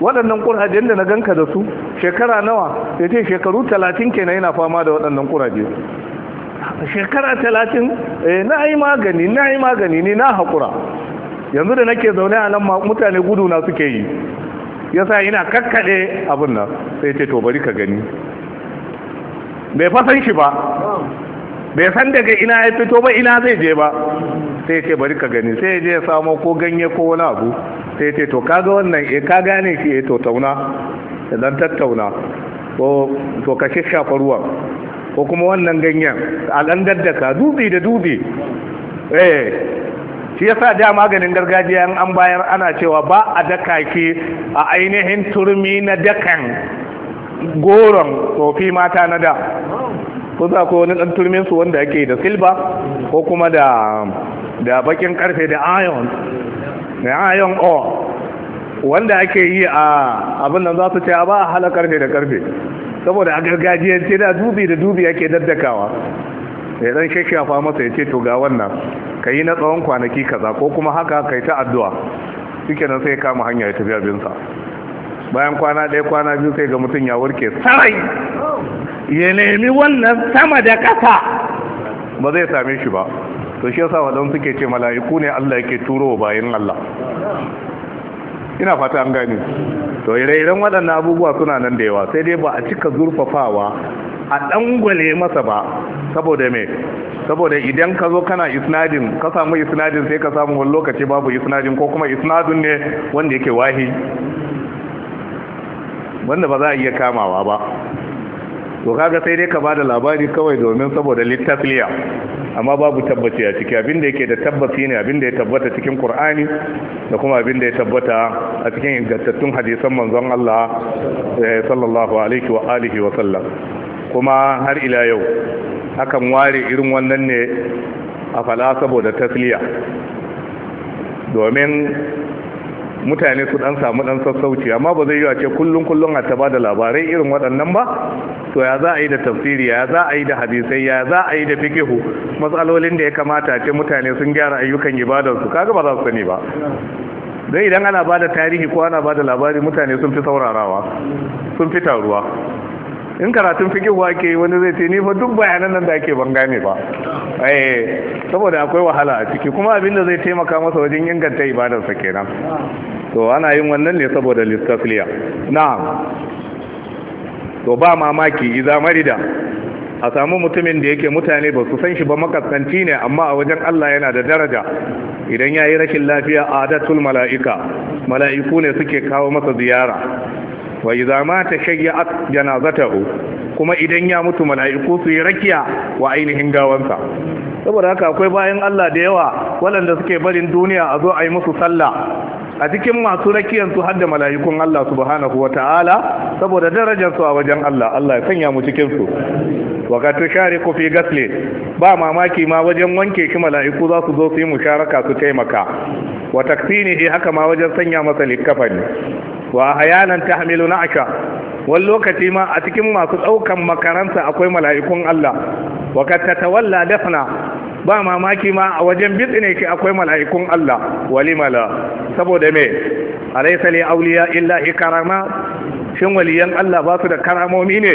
waɗannan kurajen da na ganka da su shekara nawa ya ce shekaru talatin kenan yana fama da waɗannan kuraje shekara talatin eh, na yi magani na yi magani ne na haƙura yanzu da nake zaune a nan mutane gudu na suke yi Ya sa ina kakkade abin nan sai ce to bari ka gani bai fasan shi ba bai san daga ina ya fito ba ina zai je ba sai ce bari ka gani sai je ya samo ko ganye ko wani abu sai ce to kaga wannan eh ka gane shi eh to tauna idan tattauna ko to ka shafa ruwan ko kuma wannan ganyen a da daddaka dubi da dubi eh shi yasa da maganin gargajiya an bayar ana cewa ba a daka ki a ainihin turmi na dakan goron tsofi mata na da ko za ko wani dan turmin su wanda ake da silba ko kuma da da bakin karfe da iron da iron ore wanda ake yi a abin nan za su ce ba a hala karfe da karfe saboda a gargajiyance da dubi da dubi ake daddakawa ya dan fa masa ya ce to ga wannan ka yi na tsawon kwanaki kaza ko kuma haka ka yi ta addu'a suke nan sai kama hanya ya tafi abinsa bayan kwana ɗaya kwana biyu sai ga mutum ya warke sarai ya nemi wannan sama da ƙasa ba zai same shi ba to shi yasa wadan suke ce mala'iku ne Allah yake turo bayan Allah ina fata an gani. to ire-iren waɗannan abubuwa suna nan da yawa sai dai ba a cika zurfafawa a ɗangwale masa ba saboda me saboda idan ka zo kana isnadin ka samu isnadin sai ka samu wani lokaci babu isnadin ko kuma isnadin ne wanda yake wahi wanda ba za a iya kamawa ba to kaga sai dai ka ba da labari kawai domin saboda littafiya amma babu tabbaci a ciki abinda yake da tabbaci ne abinda ya tabbata cikin Kur'ani da kuma abinda ya tabbata a cikin ingantattun hadisan manzon Allah eh, sallallahu alaihi wa alihi wa sallam kuma har ila yau akan ware irin wannan ne a fala saboda tasliya domin mutane su dan samu dan sassauci amma ba zai yi wa ce kullum kullum a taba da labarai irin waɗannan ba to ya za a yi da tafsiri ya za a yi da hadisai ya za a yi da fikihu matsalolin da ya kamata ce mutane sun gyara ayyukan su, kaga ba za su sani ba don idan ana ba da tarihi ko ana ba da labari mutane sun fi saurarawa sun fi taruwa in karatun fikihuwa ke wani zai ce ni fa duk bayanan nan da ake ban gane ba eh saboda akwai wahala a ciki kuma abin da zai taimaka masa wajen inganta ibadarsa kenan to ana yin wannan ne saboda listafliya na'am to ba mamaki iza marida a samu mutumin da yake mutane ba su san shi ba makasanci ne amma a wajen Allah yana da daraja idan ya yi rashin lafiya a adatul mala'ika mala'iku ne suke kawo masa ziyara wa idza mata shayya'at janazatahu kuma idan ya mutu mala'iku su yi rakiya wa ainihin gawansa saboda haka akwai bayan Allah da yawa waɗanda suke barin duniya a zo a yi musu sallah a cikin masu rakiyar su hadda mala'ikun Allah subhanahu wa ta'ala saboda darajar a wajen Allah Allah ya sanya mu cikinsu. su wa ka fi gasle ba mamaki ma wajen wanke shi mala'iku za su zo su yi musharaka su taimaka wa taksini haka ma wajen sanya masa likafani wa hayanan tahmilu na'aka wani lokaci ma a cikin masu ɗaukan makaranta akwai mala'ikun Allah wa ta walla dafna ba mamaki ma a wajen bitsine ne akwai mala'ikun Allah walimala saboda me alaysa li awliya illa ikrama shin waliyan Allah ba su da karamomi ne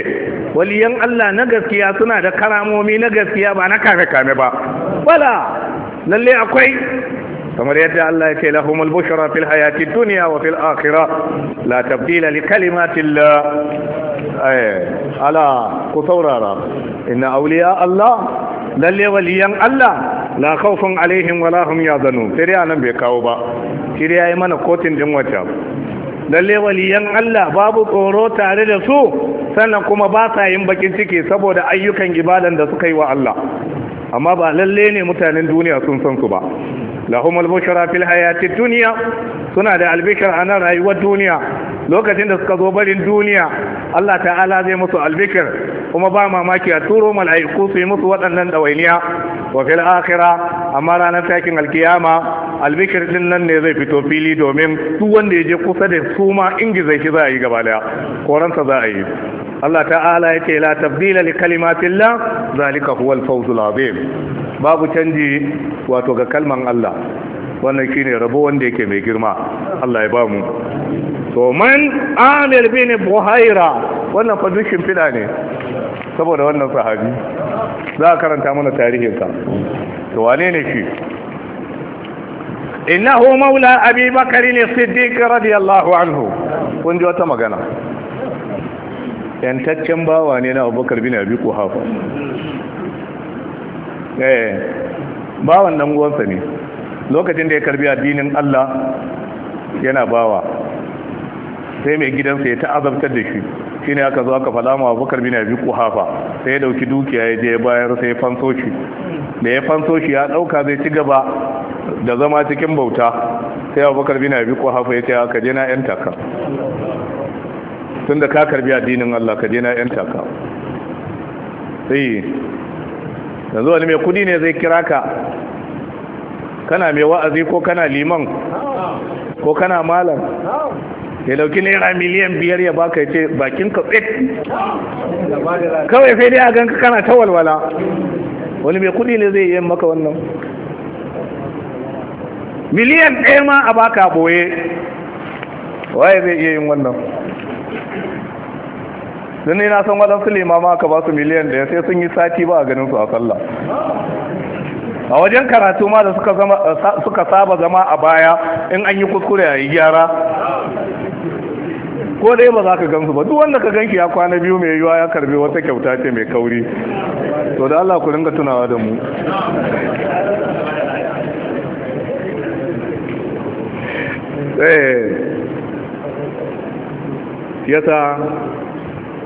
waliyan Allah na gaskiya suna da karamomi na gaskiya ba na kame kame ba Bala lalle akwai kamar yadda Allah ya ce lahumul bushra fil hayati dunya wa fil akhirah la tabdila li kalimatillah Allah eh, ala ku saurara inna awliya Allah lalle waliyan Allah la khawfun alaihim wala hum yazanun sai dai nan bai kawo ba shi dai mana kotin din wata lalle waliyan Allah babu tsoro tare da su sannan kuma ba sa yin bakin ciki saboda ayyukan ibadan da suka yi wa Allah amma ba lalle ne mutanen duniya sun san su ba lahum al-bushra fil hayati dunya suna da albishir a nan rayuwar duniya lokacin da suka zo barin duniya Allah ta'ala zai musu albishir kuma ba mamaki a turo mala'iku su yi musu waɗannan ɗawainiya wa akhira amma ranar takin alkiyama albishir ɗin nan ne zai fito fili domin duk wanda ya je kusa da su ma ingiza shi za a yi gaba daya koransa za a yi Allah ta'ala yake la tabdila li kalimatillah zalika huwal fawzul babu canji wato ga kalman Allah wannan shine rabo wanda yake mai girma Allah ya bamu to man amir bin buhaira wannan fa dukin fida ne saboda wannan sahabi za a karanta mana tarihin sa to wane ne shi innahu maula abi bakari ne siddiq radiyallahu anhu kun ji wata magana yantaccen bawa ne na abubakar bin abi kuhafa Eh, bawan dan uwansa ne lokacin da ya karbi addinin Allah yana bawa sai mai gidansa ya ta'azabtar da shi shine aka zo aka fada ma Abubakar bin Abi Quhafa sai ya dauki dukiya ya je bayar sai ya fanso shi da ya fanso shi ya dauka zai ci gaba da zama cikin bauta sai Abubakar bin Abi Quhafa ya ce aka je na yan taka tunda ka karbi addinin Allah ka je na yan taka sai yanzu wani mai kudi ne zai kira ka kana mai wa'azi ko kana liman ko kana malam ya dauki naira miliyan biyar ya baka ya ce bakin ka tsit kawai sai dai a ganka kana ta walwala wani mai kudi ne zai yi maka wannan miliyan ɗaya ma a baka boye waye zai iya yin wannan don ne na san waɗansu ma aka ba su miliyan da sai sun yi sati ba a ganin su a sallah a wajen karatu ma da suka saba zama a baya in an yi kuskure a yi gyara ko dai ba za ka gan su ba duk wanda ka gan ki ya kwana biyu mai yiwa ya karbi wata kyauta ce mai kauri to da Allah ku ringa tunawa da mu eh yasa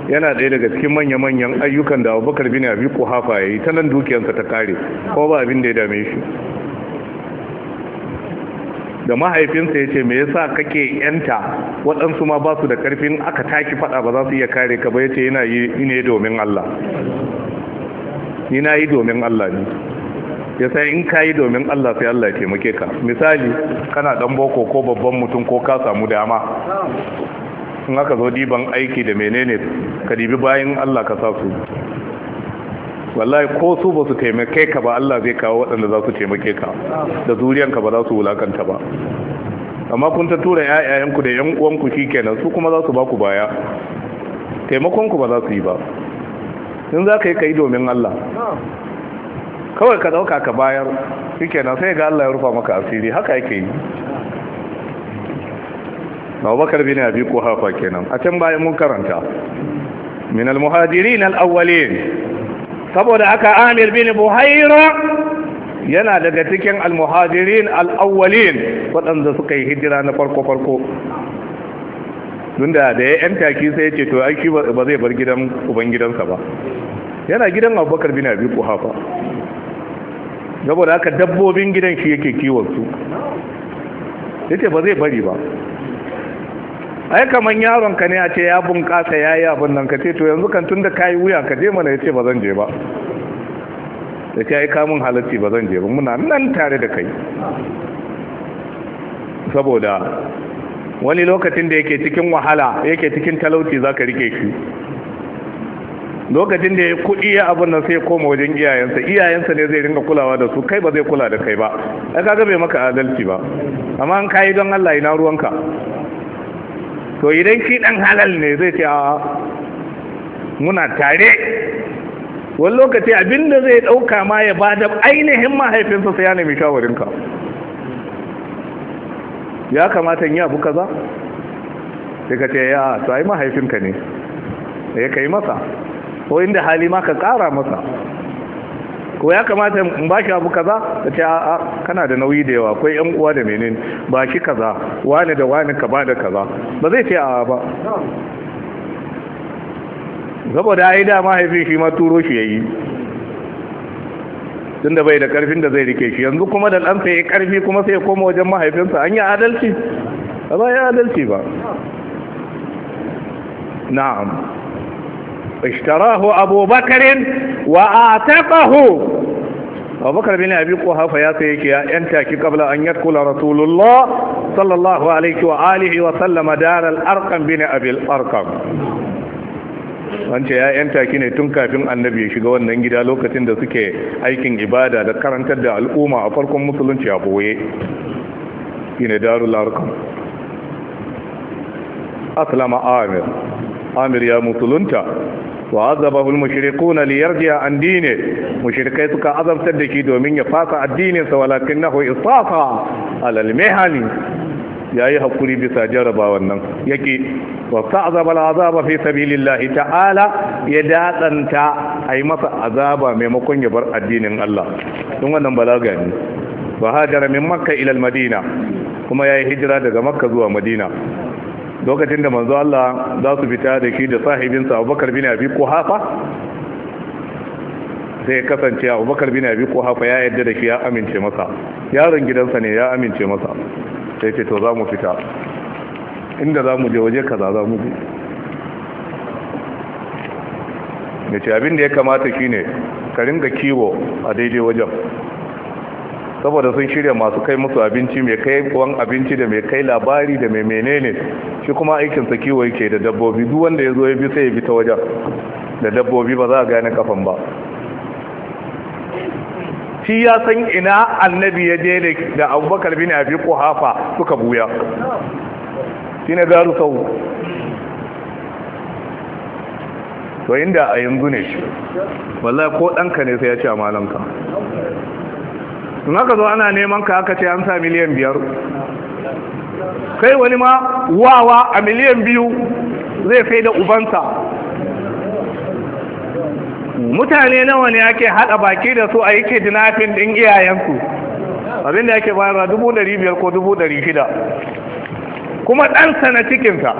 yana ɗaya daga cikin manya-manyan ayyukan da abubakar bin abi kuhafa ya yi ta nan dukiyarsa ta kare ko ba abin da ya dame shi da mahaifinsa ya ce me yasa kake yanta waɗansu ma ba su da ƙarfin aka taki faɗa ba za su iya kare ka ba ya ce yana yi ne domin Allah ni yi domin Allah ne ya sai in ka yi domin Allah sai Allah ya taimake ka misali kana ɗan boko ko babban mutum ko ka samu dama in aka zo diban aiki da menene ka dibi bayan Allah ka sa su wallahi ko su ba su taimake ka ba Allah zai kawo waɗanda za su taimake ka da zuriyanka ba za su wulakanta ba amma kun ta tura yayayanku da yan uwanku shikenan su kuma za su ba ku baya taimakon ku ba za su yi ba in za ka yi kai domin Allah kawai ka dauka ka bayar shikenan sai ga Allah ya rufa maka asiri haka yake yi abubakar bin abi kuhafa kenan a can bayan mun karanta min al-muhajirin al-awwalin saboda aka amir bin buhaira yana daga cikin al-muhajirin al-awwalin waɗanda suka yi hijira na farko farko tunda da ya yan taki sai ya ce to aiki ba zai bar gidan gidansa ba yana gidan abubakar bin abi kuhafa saboda haka dabbobin gidan shi yake kiwon su yace ba zai bari ba ai kaman yaron ka ne a ce ya bunƙasa ya yi abin nan ka ce to yanzu kan tun da ka yi wuya ka je mana ya ce ba zan je ba da ce ai kamun halarci ba zan je ba muna nan tare da kai saboda wani lokacin da yake cikin wahala yake cikin talauci za ka rike shi lokacin da ya kuɗi ya abin nan sai ya koma wajen iyayensa iyayensa ne zai ringa kulawa da su kai ba zai kula da kai ba ai kaga bai maka adalci ba amma an kayi don Allah ina ruwanka to idan shi ɗan halal ne zai ce muna tare wani lokaci abinda zai ɗauka ma ya ba da ainihin mahaifinsa sai ya nemi shawarinka ya kamata yi abu kaza sai ka ce ya to ai mahaifinka ne ya kai masa ko inda hali ma ka kara masa ko ya kamata in shi abu kaza ta ce a'a kana da nauyi da yawa akwai yan uwa da menene shi kaza wani da wani ka ba da kaza ba zai ce a'a ba saboda ai da mahaifin shi ma turo shi yayi da bai da karfin da zai rike shi yanzu kuma da ɗansa sai karfi kuma sai ya koma wajen mahaifinsa an yi adalci ba ya adalci ba na'am ishtarahu abu bakarin wa ataqahu abu bakar bin abi kuhafa ya sai yake ya yanta ki kabla an yadkula rasulullah sallallahu alaihi wa alihi wa sallama daral arqam bin wance ya yanta ne tun kafin annabi ya shiga wannan gida lokacin da suke aikin ibada da karantar da al'umma a farkon musulunci a boye shine darul arqam aslama amir amir ya musulunta wa azabahu al-mushrikuna li an dini mushrikai suka azabtar da shi domin ya fasa addinin sa walakinahu isafa ala mihani yayi hakuri bisa jaraba wannan yake wa ta'zaba al fi sabilillahi ta'ala ya dadanta ai masa azaba maimakon ya bar addinin Allah don wannan balaga ne wa hajara min makka ila al-madina kuma yayi hijira daga makka zuwa madina lokacin da manzo Allah za su fita da ke da sahibinsa abubakar bin abi kuhafa sai kasance abubakar bin abi kuhafa ya yadda da ke ya amince masa yaron gidansa ne ya amince masa sai ce to za mu fita inda za mu je waje kaza za mu je da ce abin da ya kamata shine ka ringa kiwo a daidai wajen saboda sun shirya masu kai musu abinci mai kai wan abinci da mai kai labari da mai menene shi kuma aikin sa kiwo yake da dabbobi duk wanda ya zo ya bi sai ya bi ta wajen da dabbobi ba za a gane kafan ba shi ya san ina annabi ya je da abubakar bin abi kuhafa suka buya shi ne garu sau to inda a yanzu ne shi wallahi ko ɗanka ne sai ya ce a malanka in aka zo ana neman ka aka ce an sa miliyan biyar kai wani ma wawa a miliyan biyu zai sai da ubansa mutane nawa ne ake haɗa baki da su a yi dinafin ɗin iyayensu abin da yake bayarwa dubu ɗari biyar ko dubu ɗari shida kuma ɗansa na cikinsa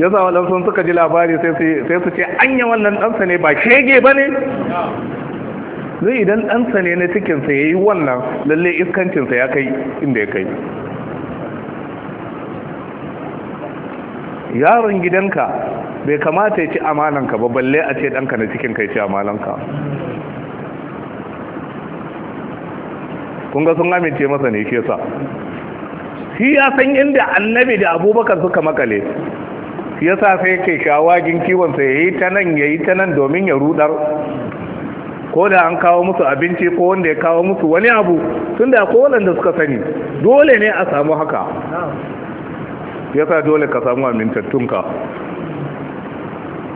ya sa waɗansu suka ji labari sai su ce anya wannan ɗansa ne ba shege ba ne zai idan ɗansa ne na cikinsa ya yi wannan lalle iskancinsa ya kai inda ya kai yaron gidanka bai kamata ya ci amananka ba balle a ce ɗanka na cikin kai ci kun ga sun amince masa ne ke sa shi ya san inda annabi da abubakar suka makale shi ya sa sai ke shawagin kiwonsa ya yi ta nan ya yi ta nan domin ya rudar ko da an kawo musu abinci ko wanda ya kawo musu wani abu tun da ko wanda suka sani dole ne a samu haka yasa dole ka samu amintattunka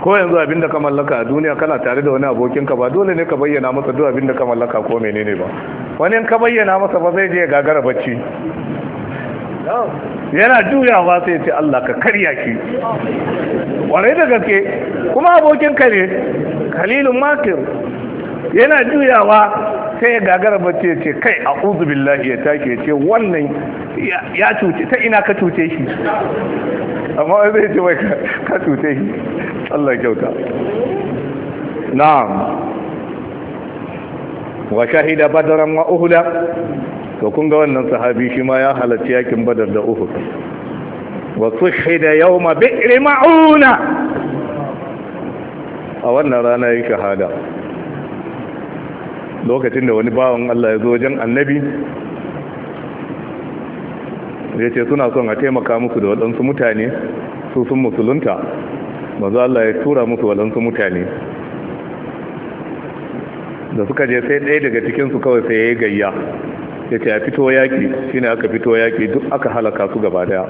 ko yanzu abin da ka mallaka a duniya kana tare da wani abokinka ba dole ne ka bayyana masa duk abin da ka mallaka ko menene ba wani ka bayyana masa ba zai je ya gagara bacci yana juyawa sai ce Allah ka karya shi. kwarai da gaske kuma abokinka ne khalilun makir yana juyawa sai ya gagara bacci ya ce kai a billahi ya take ya ce wannan ya cuce ta ina ka cuce shi amma zai ce wai ka cuce shi Allah kyauta na'am wa shahida badaran wa uhuda to kun ga wannan sahabi shi ma ya halarci yakin badar da uhud wa sushida yawma bi'r ma'una a wannan rana yayi shahada lokacin da wani bawan Allah ya zo wajen annabi ya ce suna son a taimaka musu da waɗansu mutane su sun musulunta mazu Allah ya tura musu waɗansu mutane da suka je sai ɗaya daga cikinsu kawai sai ya yi gayya ya ce a fito yaƙi shine aka fito yaƙi duk aka halaka su gaba daya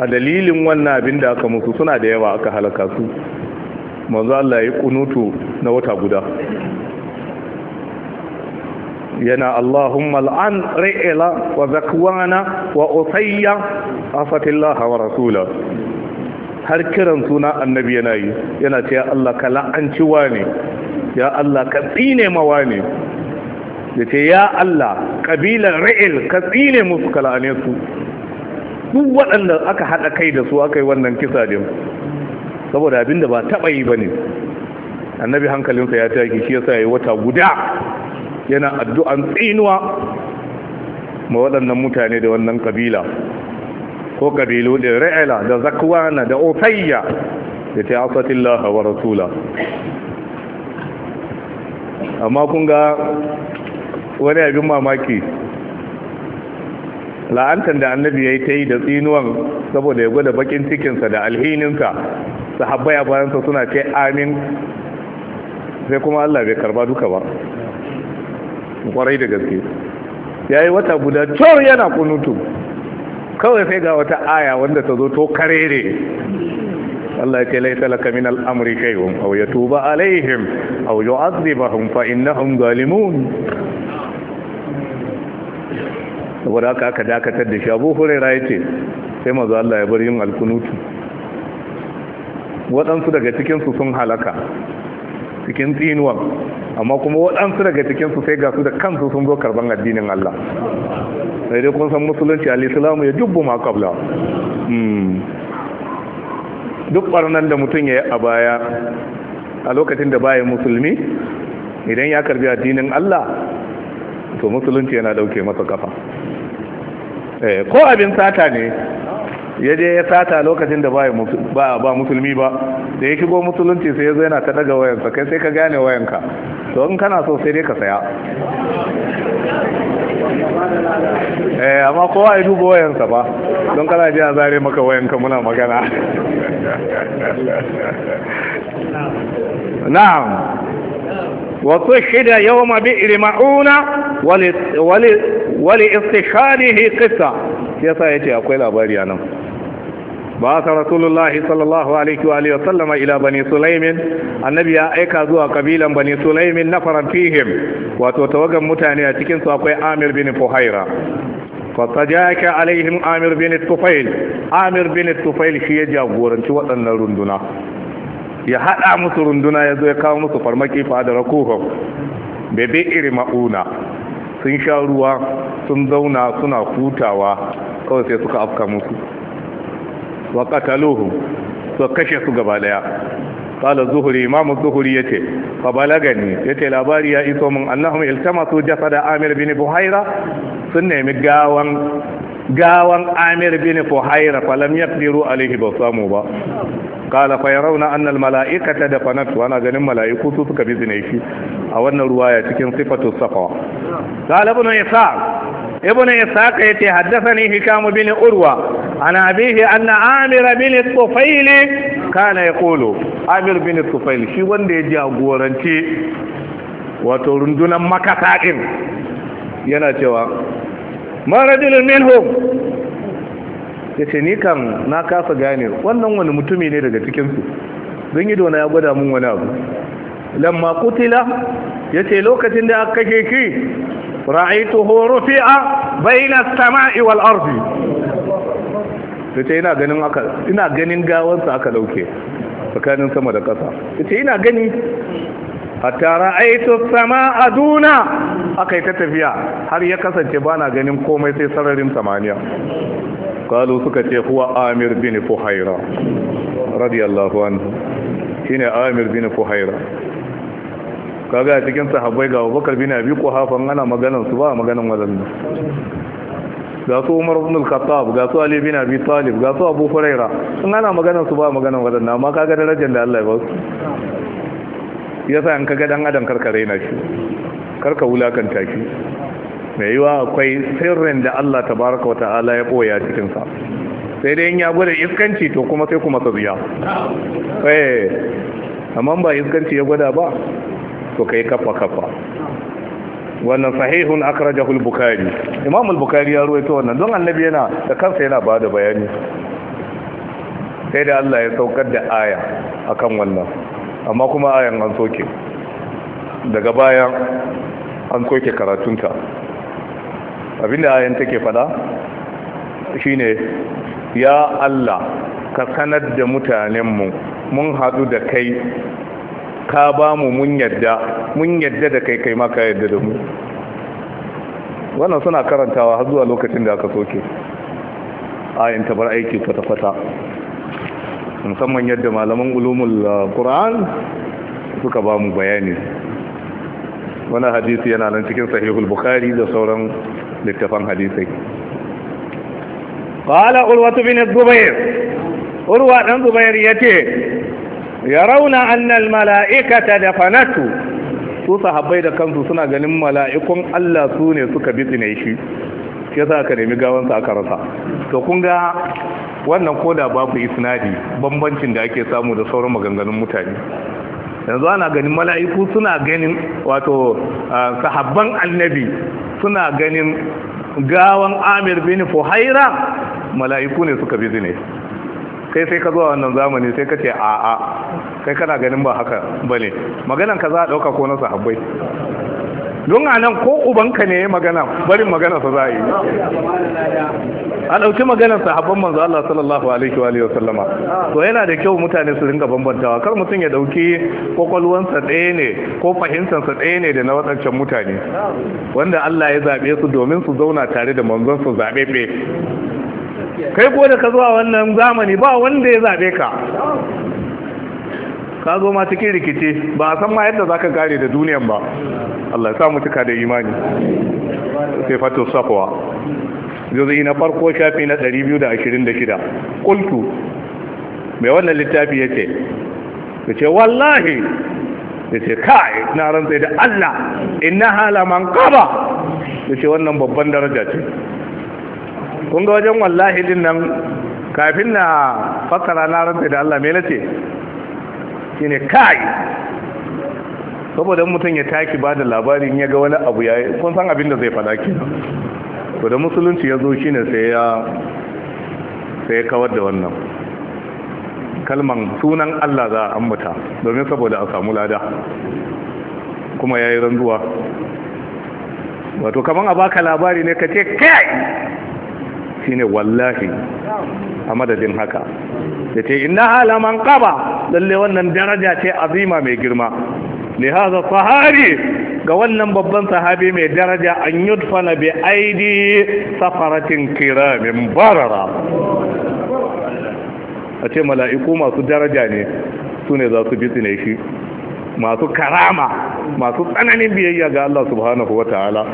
a dalilin wannan abin da aka musu suna da yawa aka halaka su manzo Allah ya kunutu na wata guda yana Allahumma al'an ra'ila wa zakwana wa usayya afatillaha wa rasula har kiran suna annabi yana yi yana ce ya Allah ka la'anci ne. ya Allah ka tsine mawa ne ce ya Allah kabilar ra'il ka tsine musu ka su duk waɗanda aka haɗa kai da su aka yi wannan kisa din saboda abinda ba taɓa yi ba ne annabi hankalinsa ya taki shi yasa ya yi wata guda yana addu'an tsinuwa ma waɗannan mutane da wannan kabila ko kabilu da ra'ila da zakwana da otayya da ta wa rasula amma kun ga wani abin mamaki la'antar da annabi ya yi ta yi da tsinuwan saboda ya gwada bakin cikinsa da alhininsa sahabbai a bayansa suna ce amin sai kuma Allah bai karba duka ba kwarai da gaske ya yi wata guda cewar yana kunutu kawai sai ga wata aya wanda ta zo to karere Allah ya ce laita laka min al'amri shay'un ya tuba alaihim aw yu'adhibahum fa hun galimun saboda haka aka dakatar da shi Abu Hurairah yace sai mazu Allah ya bar yin alkunutu waɗansu daga cikinsu sun halaka cikin tsinuwan amma kuma waɗansu daga cikinsu sai ga su da kansu sun zo karban addinin Allah sai dai kun san musulunci al-islamu ya dubbu ma kabla hmm. duk ɓarnar da mutum ya yi a baya a lokacin da baya musulmi idan ya karbi addinin Allah to musulunci yana dauke masa kafa eh, ko abin sata ne ya je ya sata lokacin da ba musulmi ba da ya shigo musulunci sai ya zo yana ta daga wayansa kai sai ka gane wayanka to in kana so sai dai ka saya eh amma kowa ya duba wayansa ba don kana ji a zare maka wayanka muna magana na'am wasu shida yau ma bi irima'una wali istisharihi kisa sa ya ce akwai labari a nan ba sa rasulullahi sallallahu alaihi wa alihi ila bani sulaimin annabi ya aika zuwa kabilan bani sulaimin na farantihim wato tawagan mutane a cikin su akwai amir bin fuhaira فاستجاك عليهم عامر بن الطفيل عامر بن الطفيل shi ya jagoranci waɗannan runduna ya haɗa musu runduna ya zo ya kawo musu farmaki fadar kuhum bebe iri ma'una sun sha ruwa sun zauna suna hutawa kawai sai suka afka musu wa qataluhu so kashe su gaba daya qala zuhri imam zuhri yace fa Ya ce labari ya iso mun annahum iltamasu jasada amir bin buhaira sun nemi gawan gawan amir bin fuhaira falam yaqdiru alaihi ba samu ba qala fa yarawna anna al malaikata dafanat wa na ganin malaiku su suka bi shi a wannan ruwa ya cikin sifatu safa qala ibn isa ibn ishaq yace haddathani hikam bini urwa an abihi anna amir bin tufail kana yaqulu amir bin tufail shi wanda ya jagoranci wato rundunan makasa din yana cewa ma rajulun minhum yace ni kan na kasa gane wannan wani mutumi ne daga cikin su don yi dona ya gwada mun wani abu lamma kutila ya ce lokacin da aka keke ki ra'aituhu rufi'a bayna as-sama'i wal ardi ina ganin aka ina ganin gawansa aka dauke tsakanin sama da ƙasa tace ina gani hatta ra'aitu as-sama'a duna akai ta tafiya har ya kasance bana ganin komai sai sararin samaniya qalu suka ce huwa amir bin fuhaira radiyallahu anhu shine amir bin fuhaira kaga a cikin sahabbai ga Abubakar bin Abi Quhafa ana maganar su ba maganar wadannan ga su Umar ibn al-Khattab ga su Ali bin Abi Talib ga su Abu Huraira in ana maganar su ba maganar wadannan amma kaga darajar da Allah ya ba su yasa in kaga dan adam karkare na shi karka wulakanta shi mai yiwa akwai sirrin da Allah tabaraka wa ta'ala ya boya cikin sa sai dai in ya gwada iskanci to kuma sai kuma sa zuya eh amma ba iskanci ya gwada ba to kai kafa kafa wannan sahihun akrajahul al-bukhari imam bukhari ya ruwaito wannan don annabi yana da kansa yana bada bayani sai da Allah ya saukar da aya akan wannan amma kuma ayan an soke daga baya an soke karatunta abinda ayan take fada shine ya Allah ka sanar da mutanenmu mun haɗu da kai ka ba mu mun yadda mun yadda da kai kai ma ka yadda da mu wannan suna karantawa har zuwa lokacin da aka soke ayin tabar aiki kwata-kwata musamman yadda malaman ulumul uh, qur'an suka ba mu bayani wani hadisi yana nan cikin sahihul bukhari da sauran littafan hadisai qala urwatu bin zubair urwa dan zubair yace ya rauna annal mala'ikata da fanatu su sahabbai da kansu suna ganin mala'ikun Allah su ne suka bitsine shi ya sa ka nemi gawansa aka rasa to kun ga wannan koda babu isnadi bambancin da ake samu da sauran maganganun mutane yanzu ana ganin mala'iku suna ganin wato sahabban annabi suna ganin gawan amir bin fuhaira mala'iku ne suka bi zine kai sai ka zuwa wannan zamani sai ka ce a'a kai kana ganin ba haka ne maganan ka za a dauka ko na sahabbai don a nan ko ubanka ne magana barin magana sa za a yi a ɗauki maganar sahabban manzo Allah sallallahu alaihi wa alihi to yana da kyau mutane su ringa bambantawa kar mutum ya dauki kwakwalwansa ɗaya ne ko fahimtansa ɗaya ne da na wadancan mutane wanda Allah ya zabe su domin su zauna tare da manzon su zabe kai ko da ka zuwa wannan zamani ba wanda ya zabe ka ka zo ma cikin rikice ba a san ma yadda za ka gare da duniyan ba Allah sa mu cika da imani sai fatu safwa juzi na farko shafi na 226 qultu mai wannan littafi Ya yace wallahi yace kai na sai da Allah inna hala man qaba yace wannan babban daraja ce kun ga wajen wallahi din nan kafin na fassara na rantsa da Allah mai nace shine kai saboda mutum ya taki ba da labarin ya ga wani abu ya kun san abin da zai fada kenan to da musulunci ya zo shine sai ya sai ya kawar da wannan kalman sunan Allah za a ambata domin saboda a samu lada kuma yayi ranzuwa wato kaman a baka labari ne ka ce kai shine wallahi a madadin haka da ce ina alaman kaba lalle wannan daraja ce azima mai girma haza sahari ga wannan babban sahabi mai daraja an yudfana bi aidi safaratin kiramin barara a ce mala'iku masu daraja ne su ne za su bitsine shi masu karama masu tsananin biyayya ga Allah subhanahu wa ta'ala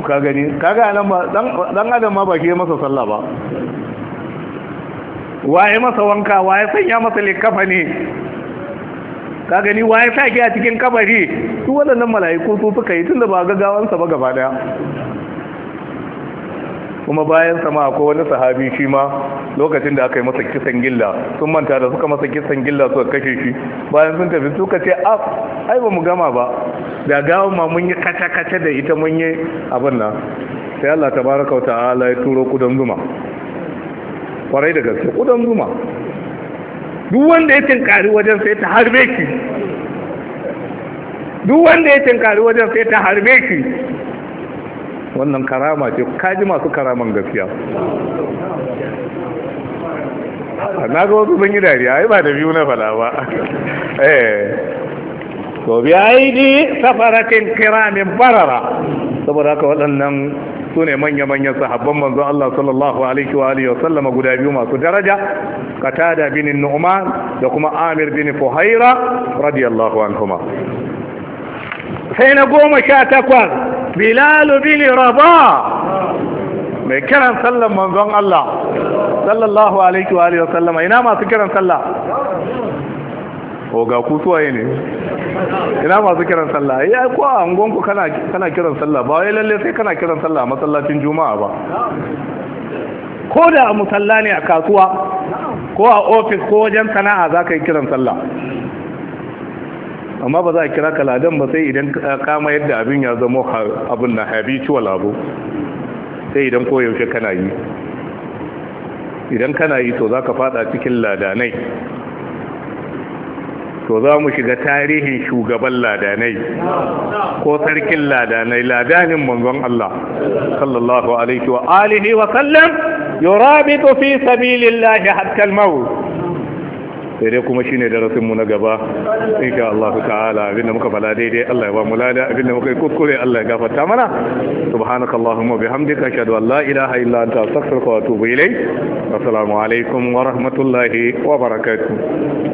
ka gani kaga nan ba dan adam ma ba ke masa sallah ba waye masa wanka waye sanya masa likafani ne ka gani waye sa ke a cikin kabari su waɗannan mala'iku su suka yi tunda ba sa ba gaba daya kuma bayan sama akwai wani sahabi shi ma lokacin da aka yi masa kisan gilla sun manta da suka masa kisan gilla suka kashe shi bayan sun tafi suka ce a ai ba mu gama ba da gawon ma mun yi kata-kata da ita mun yi abin nan sai Allah ta baraka kauta, ala ya turo kudan zuma kwarai da gaske kudan zuma duk wanda ya tinkari wajen sai ta harbe ki duk wanda ya tinkari wajen sai ta harbe ki wannan karama ce kaji masu karaman gaskiya na ga wasu sun yi dariya ai ba da biyu na fada ba eh to bi aidi safaratin kiramin barara saboda haka waɗannan su ne manya manya sahabban manzon Allah sallallahu alaihi wa alihi wa sallama guda biyu masu daraja qatada bin nu'man da kuma amir bin fuhaira radiyallahu anhuma sai na goma sha takwas bilalu bin rabah mai kiran sallan manzon Allah sallallahu alaihi wa alihi sallama ina masu kiran sallah ga ku suwaye ne ina masu kiran sallah ya ko a angon kana kiran sallah ba wai lalle sai kana kiran sallah a masallacin juma'a ba ko da a musalla ne a kasuwa ko a ofis ko wajen sana'a za ka yi kiran sallah amma ba za a kira ka ladan ba sai idan kama yadda abin ya zama abin na habitual abu sai idan koyaushe kana yi idan kana yi to za ka fada cikin ladanai to za mu shiga tarihin shugaban ladanai ko sarkin ladanai ladanin manzon Allah sallallahu alaihi wa alihi wa sallam yurabitu fi sabilillahi hatta al-maut sai dai kuma shine darasin mu na gaba insha Allah ta'ala da muka fada daidai Allah ya ba mu lada da muka yi kuskure Allah ya gafarta mana subhanakallahumma bihamdika ashhadu an la ilaha illa anta astaghfiruka wa atubu ilayk assalamu alaikum wa rahmatullahi wa barakatuh